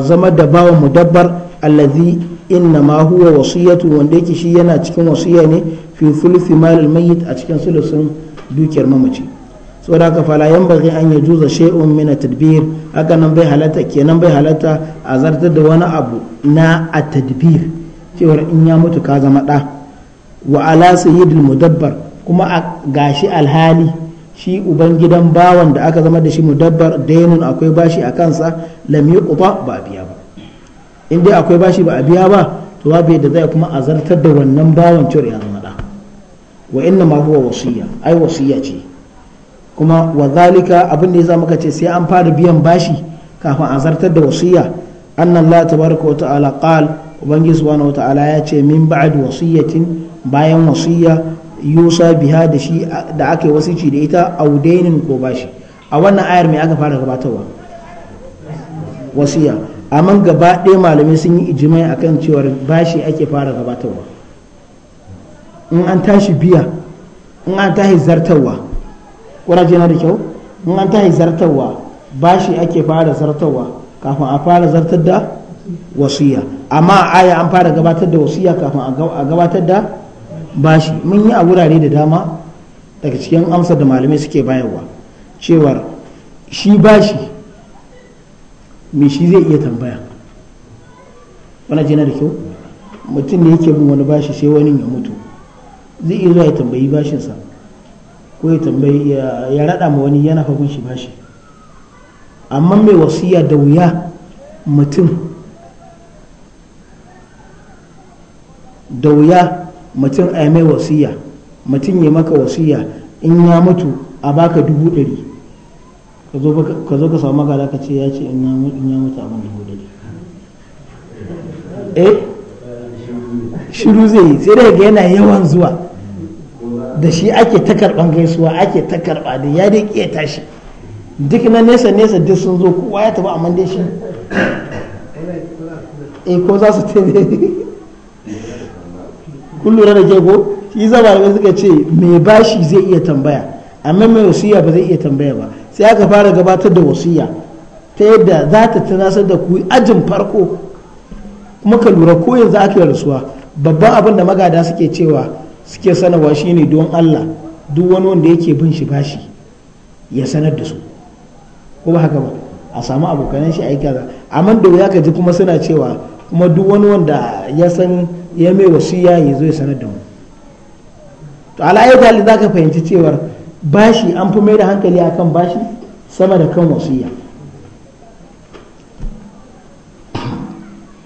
zama da bawa mudabbar allazi inna ma huwa wasiyatu wanda yake shi yana cikin wasiya ne fi thuluthi mal mayyit a cikin sulusun dukiyar mamaci saboda haka fala yan bagi an ya juza shay'un min at-tadbir haka nan bai halatta kenan bai halatta a zartar da wani abu na at-tadbir cewar in ya mutu ka zama da wa ala sayyidil mudabbar kuma a gashi alhali shi uban gidan bawan da aka zama da shi mudabbar dainun akwai bashi a kansa lam yuqba ba biya ba in dai akwai bashi ba a biya ba to babu yadda zai kuma a zartar da wannan bawan cewar ya zama da wa inna ma huwa wasiya ai wasiya ce kuma wa zalika abin da ya zama ce sai an fara biyan bashi kafin a zartar da wasiya annan la tabaraka wa ta'ala qal ubangi subhanahu wa ta'ala ya ce min ba'd wasiyatin bayan wasiya yusa biha da shi da ake wasu wasici da ita audainin ko bashi a wannan ayar mai aka fara gabatarwa wasiya amma gaba ɗaya malamai sun yi ijimai akan cewar bashi ake fara gabatarwa in an tashi biya in an tashi zartarwa kuna na da kyau in an tahi zartarwa bashi ake fara zartarwa kafin a fara zartar da wasiya amma aya an fara gabatar da wasiya kafin a gabatar da bashi mun yi a wurare da dama daga cikin amsar da malamai suke bayarwa cewar shi bashi me shi zai iya tambaya wani jina da kyau mutum ne yake bin wani bashi sai wani ya mutu zai iya zuwa ya tambayi bashinsa ko ya tambayi ya rada ma wani yana fagun shi bashi amma mai wasiya da wuya mutum da wuya mutum a mai wasiya mutum ya maka wasiya in ya mutu a baka dubu ɗari ka zo ka samu magana ka ce ya ce in ya mutu a baka dubu ɗari eh shiru zai yi sai daga yana yawan zuwa da shi ake ta karban gaisuwa ake ta karba da ya dai ƙiya tashi duk na nesa nesa duk sun zo kowa ya tafi amma dai shi eh ko za su kun lura da ke ko shi zama da suka ce mai bashi zai iya tambaya amma mai wasiya ba zai iya tambaya ba sai aka fara gabatar da wasiya ta yadda za ta tunasar da ku ajin farko muka lura ko yanzu aka yi rasuwa babban abin da magada suke cewa suke sanarwa ne don Allah duk wani wanda yake bin shi bashi ya sanar da su ko ba haka ba a samu abokanan shi a yi kaza amma da ya kaji kuma suna cewa kuma duk wani wanda ya san ya mai wasiya ya zo ya sanar da mu to ala'ayyar da za ka fahimci cewar bashi an fi mai da hankali akan bashi sama da kan wasiya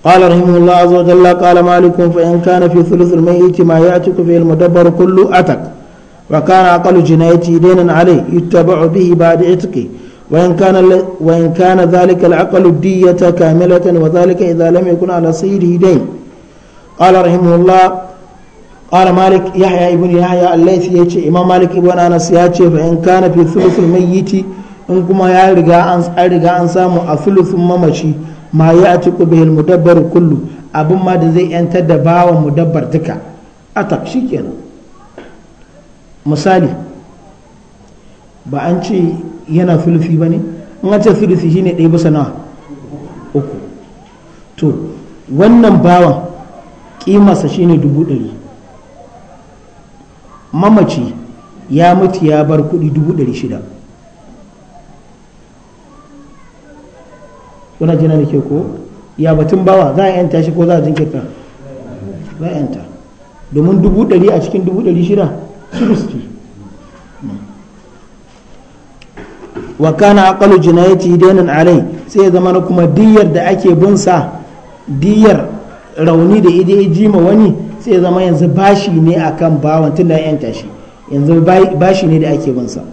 قال رحمه الله عز وجل قال مالك فإن كان في ثلث الميت ما يأتك فيه المدبر كله أتك وكان أقل جنايته دينا عليه يتبع به بعد عتقه وإن كان, وإن كان ذلك العقل الدية كاملة وذلك إذا لم يكن على صيده دين قال رحمه الله قال مالك يحيى ابن يحيى الليثي يجي إمام مالك ابن أنس يجي فإن كان في ثلث الميت إن كما يرجع أن أرجع أن سامو أثلث ممشي ma ya atiku bihil mudabbar kullu abin ma da zai yantar da bawan mudabbar duka atak shikenan misali ba an ce yana sulfi ba ne in an ce sulufi shine ɗaya bisa nawa uku to wannan bawan ƙimarsa shine dubu ɗari mamaci ya mutu ya bar kuɗi dubu ɗari shida kuna jina da ke ko ya batun bawa za a yanta shi ko za a jinkirta za a yanta domin dubu ɗari a cikin dubu ɗari shida sulus wa kana aqalu jinayati dainan alai sai ya zama kuma diyar da ake bunsa diyar rauni da ide jima wani sai ya zama yanzu bashi ne akan bawan tun da yanta shi yanzu bashi ne da ake bunsa.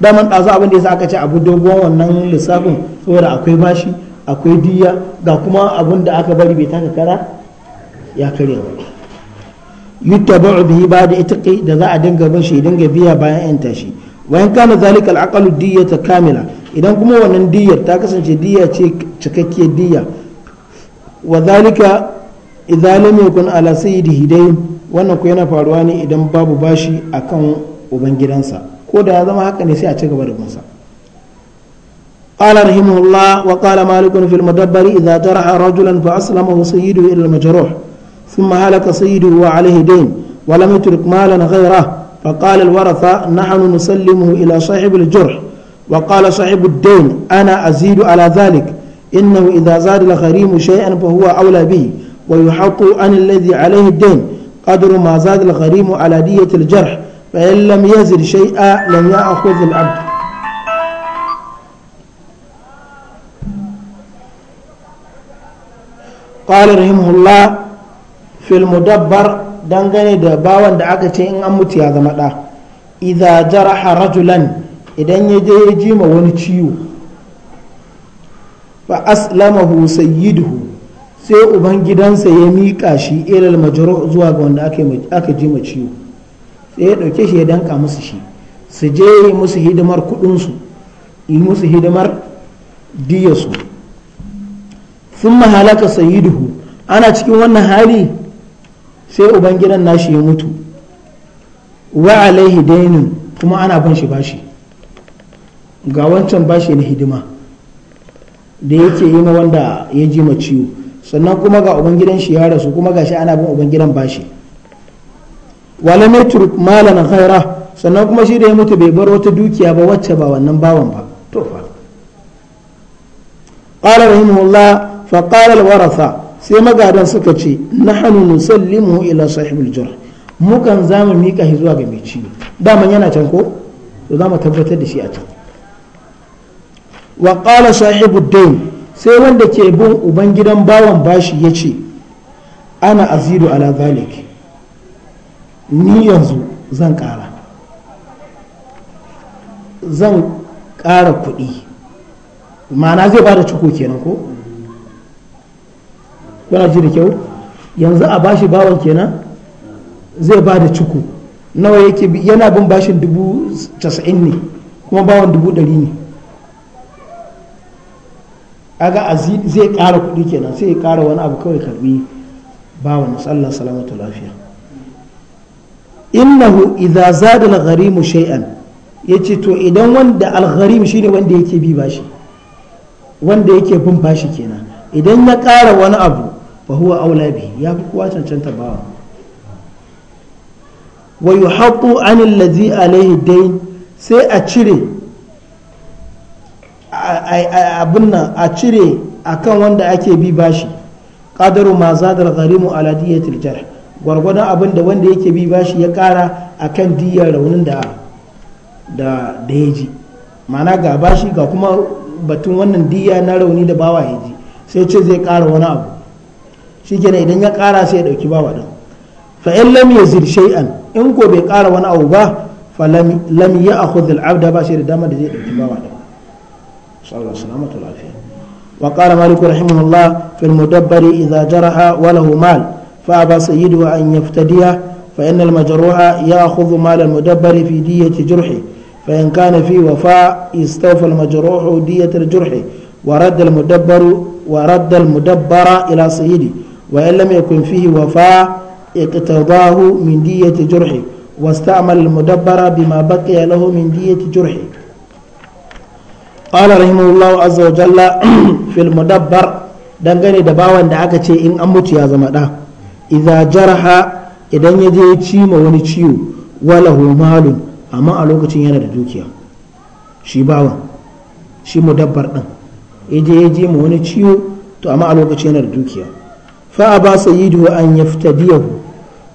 daman ɗazu abin da ya sa aka ce abu dogon wannan lissafin saboda akwai bashi akwai diya ga kuma abun da aka bari bai taka kara ya kare wa yuttaba'u bihi da itqi da za a dinga bin shi dinga biya bayan yan tashi wayan kana zalika al-aqlu diyata kamila idan kuma wannan diyar ta kasance diya ce cikakkiyar diya wa zalika idan lam yakun ala sayyidihi dayn wannan ko yana faruwa ne idan babu bashi akan ubangidansa ko da ya zama haka ne sai a ci gaba da binsa قال رحمه الله وقال مالك في المدبر إذا جرح رجلا فأسلمه سيده إلى المجروح ثم هلك سيده وعليه دين ولم يترك مالا غيره فقال الورثة نحن نسلمه إلى صاحب الجرح وقال صاحب الدين أنا أزيد على ذلك إنه إذا زاد الغريم شيئا فهو أولى به ويحق عن الذي عليه الدين قدر ما زاد الغريم على دية الجرح فإن لم يزد شيئا لم يأخذ العبد qala rahimahullah fil mudabbar dangane da bawan da aka ce in an mutu ya zama ɗa idza jaraha rajulan idan ya je ya jima wani ciwo fa aslamahu sayyiduhu sai uban gidansa ya miƙa shi ilal majru zuwa ga wanda aka jima ciwo sai ya ɗauke shi ya danka musu shi su je musu hidimar kuɗinsu yi musu hidimar diyasu. sun mahalaka sayiduhu ana cikin wannan hali sai ubangidan nashi ya mutu wa alaihi dainin kuma ana ban shi bashi ga wancan bashi na hidima da yake yi ma wanda ya ji ma ciwo sannan kuma ga ubangidan shi ya rasu kuma gashi ana bin ubangidan bashi wala turk malan khaira sannan kuma shi da ya mutu bai bar wata dukiya ba wacce ba wannan bawan ba to fa qala rahimahullah فقال الورثة sai magadan suka ce nahanu nusallimu ila sahibul jarh mukan zamu mika shi zuwa ga mai ciwo daman yana can ko to zamu tabbatar da shi a can wa qala sai wanda ke bin uban gidan bawan bashi yace ana azidu ala zalik ni yanzu zan kara zan kara kuɗi mana zai bada ciko kenan ko kuna ji da kyau yanzu a bashi bawan kenan zai ba da cuku nawa yake yana bin bashin dubu casa'in ne kuma bawan dubu ɗari ne aga zai ƙara kuɗi kenan sai ya ƙara wani abu kawai karbi bawan sallah salamatu lafiya innahu idza zada al-gharim shay'an yace to idan wanda al-gharim shine wanda yake bi bashi wanda yake bin bashi kenan idan ya ƙara wani abu fa huwa aula ya fi kowa cancanta bawa wa yuhaqqu anil ladzi alaihi dai sai a cire a cire akan wanda ake bi bashi ƙadaru ma zadar gharimu ala ya jarh gwargwadon abin da wanda yake bi bashi ya kara akan diyar raunin da da ya ji mana ga bashi ga kuma batun wannan diya na rauni da bawa ya ji sai ce zai kara wani abu shi kenan idan ya ƙara sai ya ɗauki bawa ɗin fa in lam yazid shay'an in ko bai ƙara wani abu ba fa lam ya akhudh al-abda ba shi da dama da zai ɗauki bawa ɗin sallallahu salamatu lafiya wa qala malik rahimahullah fi al-mudabbari idza jaraha wa lahu mal fa aba sayyidu an yaftadiya فإن المجروح يأخذ مال المدبر fi دية جرحه فإن كان في وفاء استوفى المجروح دية الجرح ورد المدبر ورد المدبر إلى سيده وإن لم يكن فيه وفاء اقتضاه من دية جرحه واستعمل المدبر بما بقي له من دية جرحه قال رحمه الله عز وجل في المدبر dangane da bawan da aka ce in an mutu ya zama da idza jaraha idan ya je ya ci ma wani ciwo wala malun amma a lokacin yana da dukiya shi shi mudabbar ya je ma wani ciwo to amma a lokacin yana da dukiya fa ba sayidu an yaftadiyahu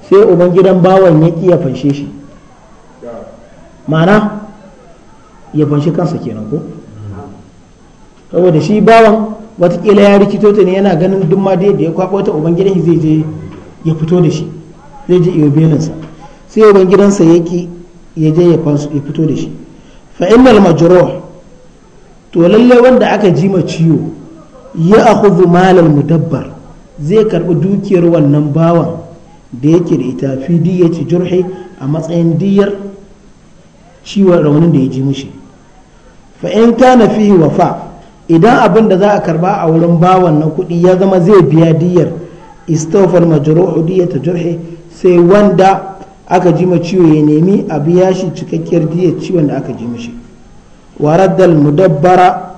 sai uban gidan bawan ya ya fanshe shi ma'ana ya fanshi kansa kenan ko saboda shi bawan watakila ya rikito ta ne yana ganin duk ma da ya kwabo ta uban gidan zai je ya fito da shi zai je iyo belinsa sai uban gidansa ya ki ya je ya fito da shi fa innal majruh to lalle wanda aka ji ma ciwo ya akhudhu malal mudabbar zai karbi dukiyar wannan bawan da yake da ita fi jurhi a matsayin diyar ciwon raunin da ya ji mishi fa in kana fihi wafa idan abin da za a karba a wurin bawan na kuɗi ya zama zai biya diyar istawfal majru'u ta jurhi sai wanda aka ji ma ciwo ya nemi a biya shi cikakkiyar diyar ciwon da aka ji mishi waradda mudabbara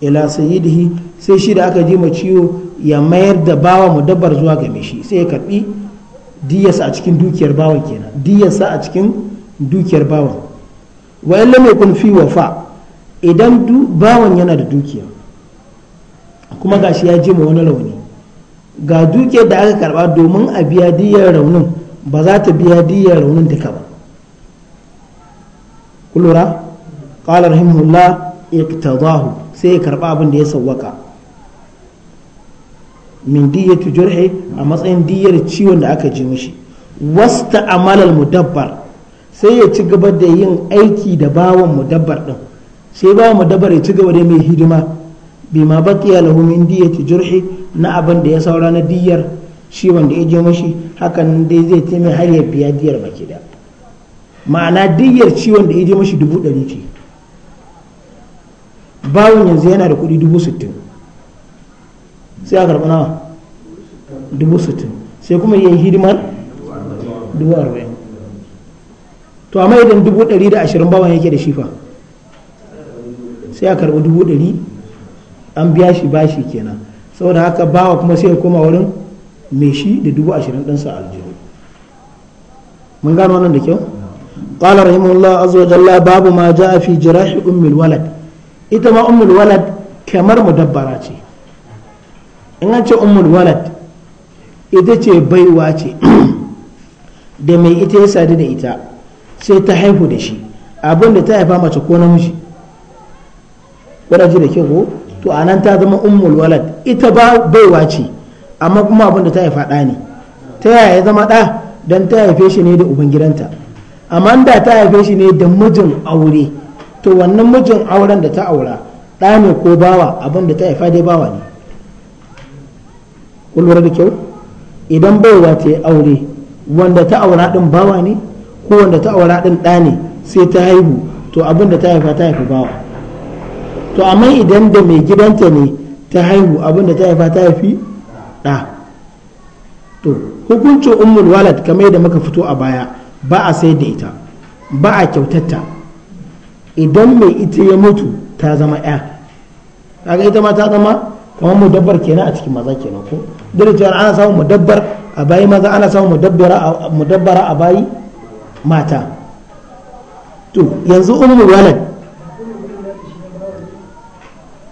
ila sayyidihi sai shi da aka ji ma ciwo ya mayar da bawa mu dabbar zuwa ga shi sai ya karbi diyasa a cikin dukiyar bawan kenan diyasa a cikin dukiyar bawan wa illa mai kun fi wafa idan bawan yana da dukiya kuma gashi ya ji ma wani rauni ga dukiyar da aka karba domin a biya diyar raunin ba za ta biya diyar raunin duka ba kulura qala rahimullah iktazahu sai ya karba abin da ya sawwaka min diyyatu jurhi a matsayin diyyar ciwon da aka ji mishi wasta amalal mudabbar sai ya ci gaba da yin aiki da bawan mudabbar din sai bawan mudabbar ya ci gaba da mai hidima bima baqiya lahu min diyyati jurhi na abin da ya saura na diyyar ciwon da ya ji mishi hakan dai zai taimaka har ya biya diyar baki da ma'ana diyyar ciwon da ya ji mishi dubu ɗari ce bawon yanzu yana da kudi dubu sittin sai a karɓi nawa dubu sittin sai kuma yi hidimar dubu arba'in to amma idan dubu ɗari da ashirin bawon yake da shifa sai a karɓi dubu ɗari an biya shi ba shi kenan saboda haka bawa kuma sai ya koma wurin mai shi da dubu ashirin ɗinsa aljihu mun gano wannan da kyau قال رحمه الله babu ma باب a fi jira shi أم walad ita ma ummul walad kamar mudabbara ce in an ce ummul walad ita ce baiwa ce da mai ita ya sadu da ita sai ta haihu da shi abin da ta haifa mace ko namiji ji da kyau to a nan ta zama umul walad ita ba baiwa ce amma kuma abin da ta haifa ɗa ne ta yaya ya zama ɗa don ta haife shi ne da ubangidanta amma da ta haife shi ne da mijin aure to wannan mijin auren da ta aura ɗa ne ko bawa abin da ta haifa dai bawa ne kun da kyau idan baiwa ta yi aure wanda ta aura ɗin bawa ne ko wanda ta aura ɗin ɗa ne sai ta haihu to abin da ta haifa ta haifi bawa to amma idan da mai gidanta ne ta haihu abin da ta haifa ta haifi ɗa to hukuncin ummul walad kamar yadda muka fito a baya ba a sai da ita ba a kyautatta idan mai ita ya mutu ta zama ya kaga ita ma ta zama kamar mudabbar kenan a cikin maza kenan ko dole cewa ana samun mudabbar a bayi maza ana samun mudabbara a bayi mata to yanzu umul walad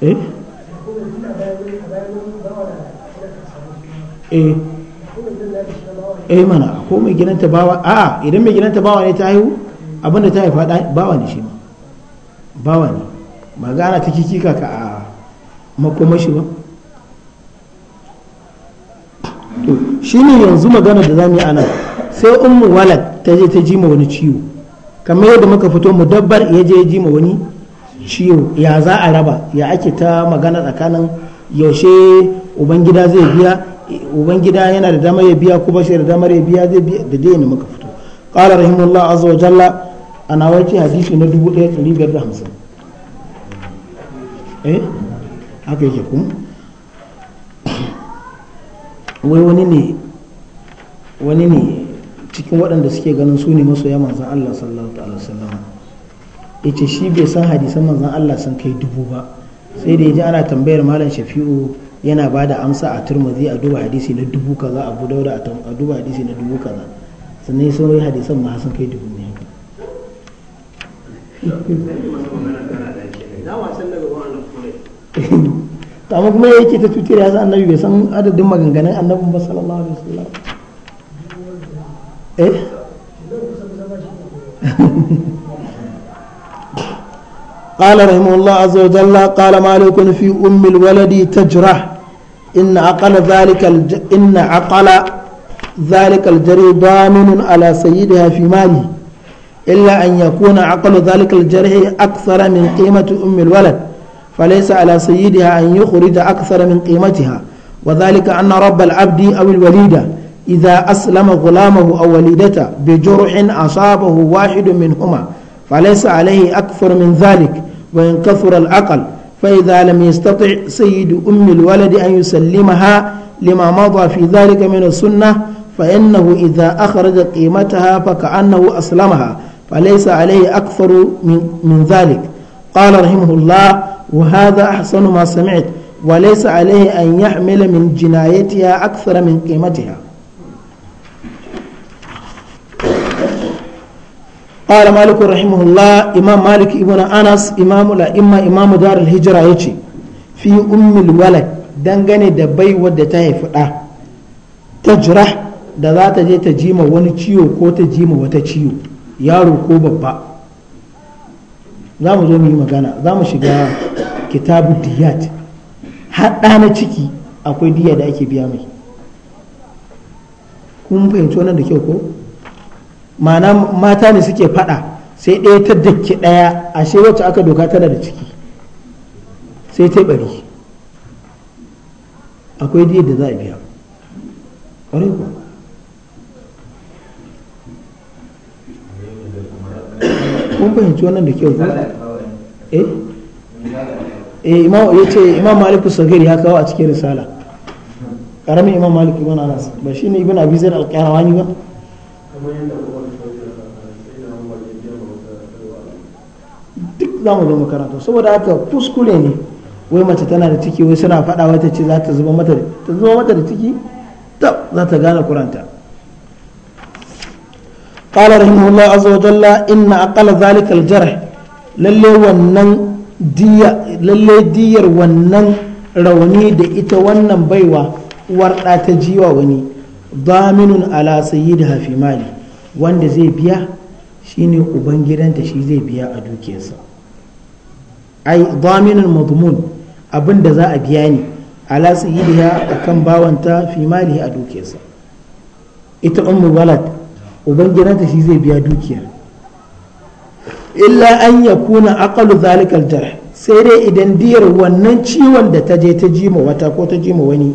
eh eh eh mana ko mai gidanta bawa a idan mai gidanta bawa ne ta haihu abinda ta haifa bawa ne shi ma bawa ne ba gana ta kika ka a makomashi ba to shi ne yanzu magana da zami yi ana sai ummu walad ta je ta jima wani ciwo kamar yadda muka fito mu dabbar ya je jima wani ciwo ya za a raba ya ake ta magana tsakanin yaushe ubangida zai biya ubangida yana da damar ya biya ko bashi da damar ya biya zai biya da dai ne muka fito qala rahimullahi azza wa jalla a nawa ce hadisi na 1550 eh haka yake kuma wai wani ne wani ne cikin waɗanda suke ganin su ne masoya manzan Allah sallallahu alaihi wasallam ya ce shi bai san hadisan manzan Allah sun kai dubu ba sai da ya ji ana tambayar malam shafi'u yana ba da amsa a turmazi a duba hadisi na dubu kaza abu dauda a duba hadisi na dubu kaza sannan ya sauran hadisan ma sun kai dubu to amma kuma yake ta tutar ya san annabi bai san adadin maganganun annabin ba sallallahu alaihi wasallam eh قال رحمه الله عز وجل قال مالك في أم الولد تجرح إن عقل ذلك إن عقل ذلك الجري ضامن على سيدها في ماله إلا أن يكون عقل ذلك الجرح أكثر من قيمة أم الولد فليس على سيدها أن يخرج أكثر من قيمتها وذلك أن رب العبد أو الوليدة إذا أسلم غلامه أو وليدته بجرح أصابه واحد منهما فليس عليه أكثر من ذلك وإن كثر العقل فإذا لم يستطع سيد أم الولد أن يسلمها لما مضى في ذلك من السنة فإنه إذا أخرج قيمتها فكأنه أسلمها فليس عليه أكثر من, من ذلك قال رحمه الله وهذا أحسن ما سمعت وليس عليه أن يحمل من جنايتها أكثر من قيمتها قال مالك رحمه الله إمام مالك ابن أنس إمام لا إما إمام دار الهجرة يجي في أم الولد dangane da bai wadda ta haifi ɗa ta jira da za ta je ta jima wani ciwo ko ta jima wata ciwo yaro ko babba za mu zo mu yi magana za mu shiga kitabu diyat haɗa na ciki akwai diya da ake biya mai kun fahimci wannan da kyau ko ma'ana mata ne suke faɗa sai ɗaya ta dake ɗaya ashe wacce aka doka tana da ciki sai ta bari akwai diya da za a biya ƙwarai kuwa kun fahimci wannan da kyau eh eh imam ya ce imam malik sagari ya kawo a cikin risala karamin imam malik ibn anas ba shine ibn abi zaid al-qarawani ba duk za mu zo makaranta saboda haka kuskure ne wai mace tana da ciki wai suna faɗa wata ce za ta zuba mata da ciki ta za ta gane kuranta قال رحمه الله عز وجل إن أقل ذلك الجرح للي ونن ديا للي دير ونن روني دي ونن بيوا ورقا تجيوا وني ضامن على سيدها في مالي وان زي بيا شيني وبنجران تشي زي بيا أدوكيسا أي ضامن مضمون أبن ذا أبياني على سيدها أكم باونتا في مالي أدوكيسا ita ummu balad ubangidanta shi zai biya dukiya illa an ya kuna akalu zalikal jarh sai dai idan diyar wannan ciwon da ta je ta jima wata ko ta jima wani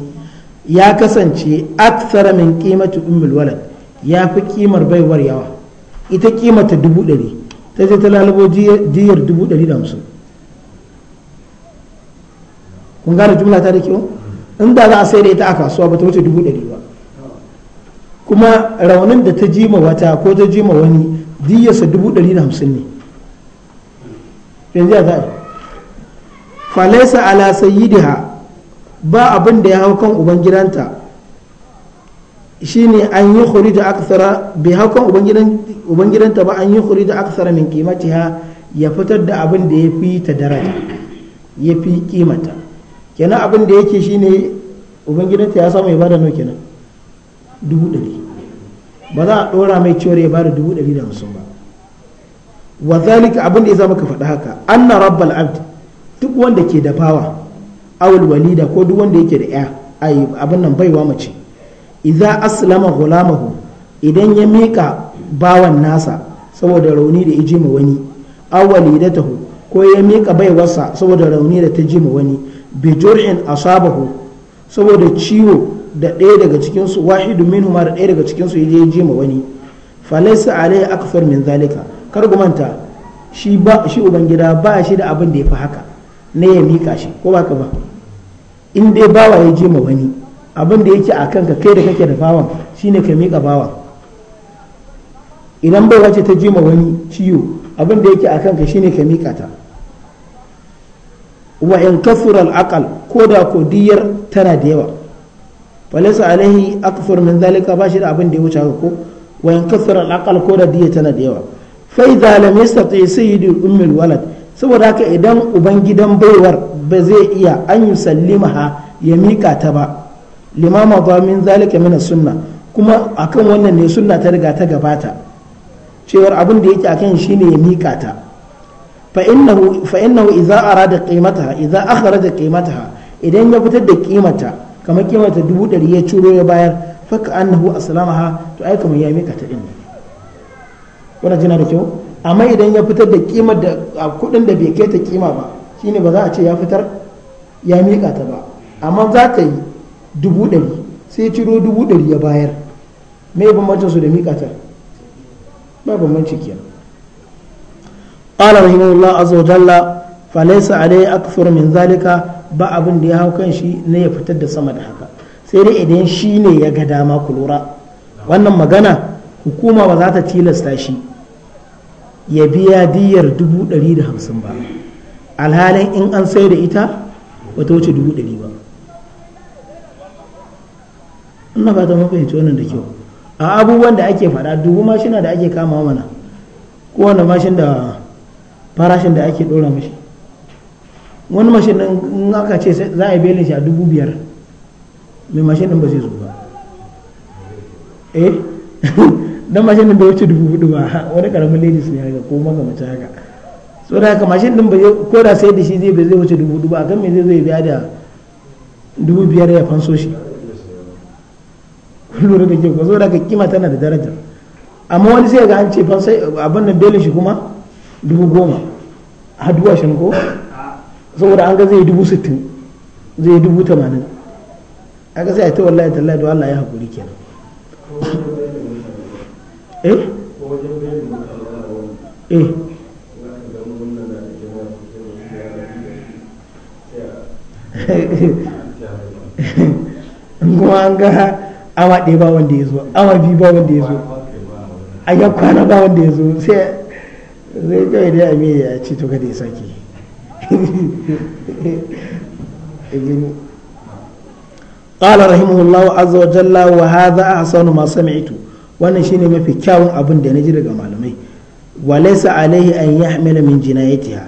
ya kasance aksara min kimatu ummul walad ya fi kimar baiwar yawa ita kimata dubu ɗari ta je ta lalubo diyar dubu ɗari da hamsin kun gane jumla ta da kyau in da za a sai da ita a kasuwa ba ta wuce dubu ɗari ba kuma raunin da ta jima wata ko ta jima wani diyarsa dubu ɗari da hamsin ne yanzu ya za'a falaisa ala sayyidiha ba abin da ya hau kan ubangidanta shine an yi huri da aksara bai hau kan ubangidanta ba an yi huri da aksara min kimatiha ya fitar da abin da ya fi ta daraja ya fi kimata kenan abin da yake shine ubangidanta ya samu ya bada nau kenan dubu ɗari ba za a ɗora mai cewar ya bada dubu ɗari da hamsin ba wa zalika abin da ya zama ka faɗa haka anna rabbal abd duk wanda ke da bawa awul walida ko duk wanda yake da ya ai abin nan baiwa mace idza aslama ghulamahu idan ya mika bawan nasa saboda rauni da ma wani da tahu ko ya mika baiwarsa saboda rauni da ta ma wani bi jurhin asabahu saboda ciwo da ɗaya daga cikinsu wahidu minhum da ɗaya daga cikinsu ya je ya jima wani falaisa alai akfar min zalika kar gumanta shi ba shi ubangida ba shi da abin da ya fi haka na ya mika shi ko baka ba in dai bawa ya jima wani abin da yake a kanka kai da kake da bawan shine ka mika bawa idan bai wace ta jima wani ciwo abin da yake a kanka shine ka mika ta wa in kafura al ko da ko diyar tana da yawa falaisa alaihi akthar min zalika ba shi da abin da ya wuce haka ko wa in kasara al ko da diya tana da yawa fa idza lam yastati sayyidu ummul walad saboda haka idan ubangidan baiwar ba zai iya an yusallimaha ya mika ta ba limama ba min zalika mina sunna kuma akan wannan ne sunna ta riga ta gabata cewar abin da yake akan shine ya mika ta fa innahu idza arada qimataha idza akhraja qimataha idan ya fitar da qimata kamar kimanta dubu ɗari ya ciro ya bayar faka annahu aslamaha to ai kamar ya mika ta din ne wannan jina da kyau amma idan ya fitar da kimar da kuɗin da bai kai ta kima ba shine ba za a ce ya fitar ya mika ta ba amma za ta yi dubu ɗari sai ciro dubu ɗari ya bayar me ya bambancin su da mika ta ba bambanci kenan قال رحمه الله عز وجل فليس عليه أكثر من ذلك ba abin da ya hau kan shi na ya fitar da sama da haka sai dai idan shi ne ya ga dama ku lura wannan magana hukuma ba za ta tilasta shi ya biya diyar dubu ɗari da hamsin ba alhalin in an sai da ita ba ta wuce dubu ɗari ba ina fata mun fahimci wannan da kyau a abubuwan da ake faɗa dubu mashina da ake kama mana kowane mashin da farashin da ake ɗora mashi wani mashin din in aka ce za a yi belin shi a dubu biyar mai mashin din ba zai zo ba eh dan mashin din bai wuce dubu hudu ba wani karamin ladies ne haka ko mace haka so da haka mashin din ba zai ko da sai da shi zai bai zai wuce dubu hudu ba kan me zai zai biya da dubu biyar ya fanso shi lura da kyau so da haka kima tana da daraja amma wani sai ga an ce fansai abin nan belin shi kuma dubu goma haduwa shin ko saboda an ga zai dubu sittin zai dubu tamanin a ga sai a ta wallahi tallahi da Allah ya haƙuri nan eh eh kuma an ga awa ɗaya ba wanda ya zo awa biyu ba wanda ya zo a ya ba wanda ya zo sai zai kawai dai a ya ce to kada ya sake قال رحمه الله عز وجل وهذا أحسن ما سمعت وانا شيني ما في كاون أبن دي نجرق معلمي وليس عليه أن يحمل من جنايتها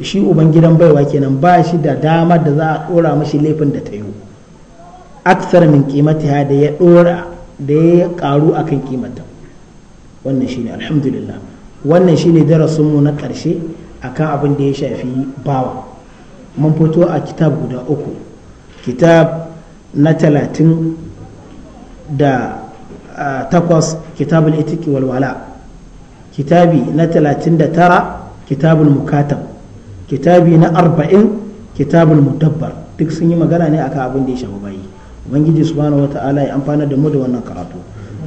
shi uban gidan baiwa kenan ba shi da dama da za a dora mashi laifin da ta yi aksar min kimatiha da ya dora da ya karu a kan kimata wannan shi ne alhamdulillah wannan shi shine darasinmu na karshe akan abin da ya shafi bawa mun fito a kitab guda uku kitab na talatin da takwas kitabul itiki walwala kitabi na talatin da tara kitabul mukatab kitabi na arba'in kitabul mudabbar duk sun yi magana ne akan abin da ya shafi bayi ubangiji subhanahu wata'ala ya amfana da mu da wannan karatu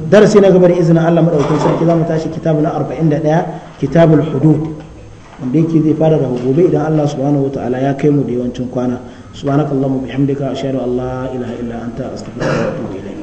darasi na gaba da izinin Allah madaukakin sarki mu tashi kitabu na ɗaya kitabul hudud wanda yake zai fara daga gobe idan Allah subhanahu wataala ya kai mu da yawancin kwana subhanakallahumma bihamdika ashhadu an la ilaha illa anta astaghfiruka wa atubu ilayk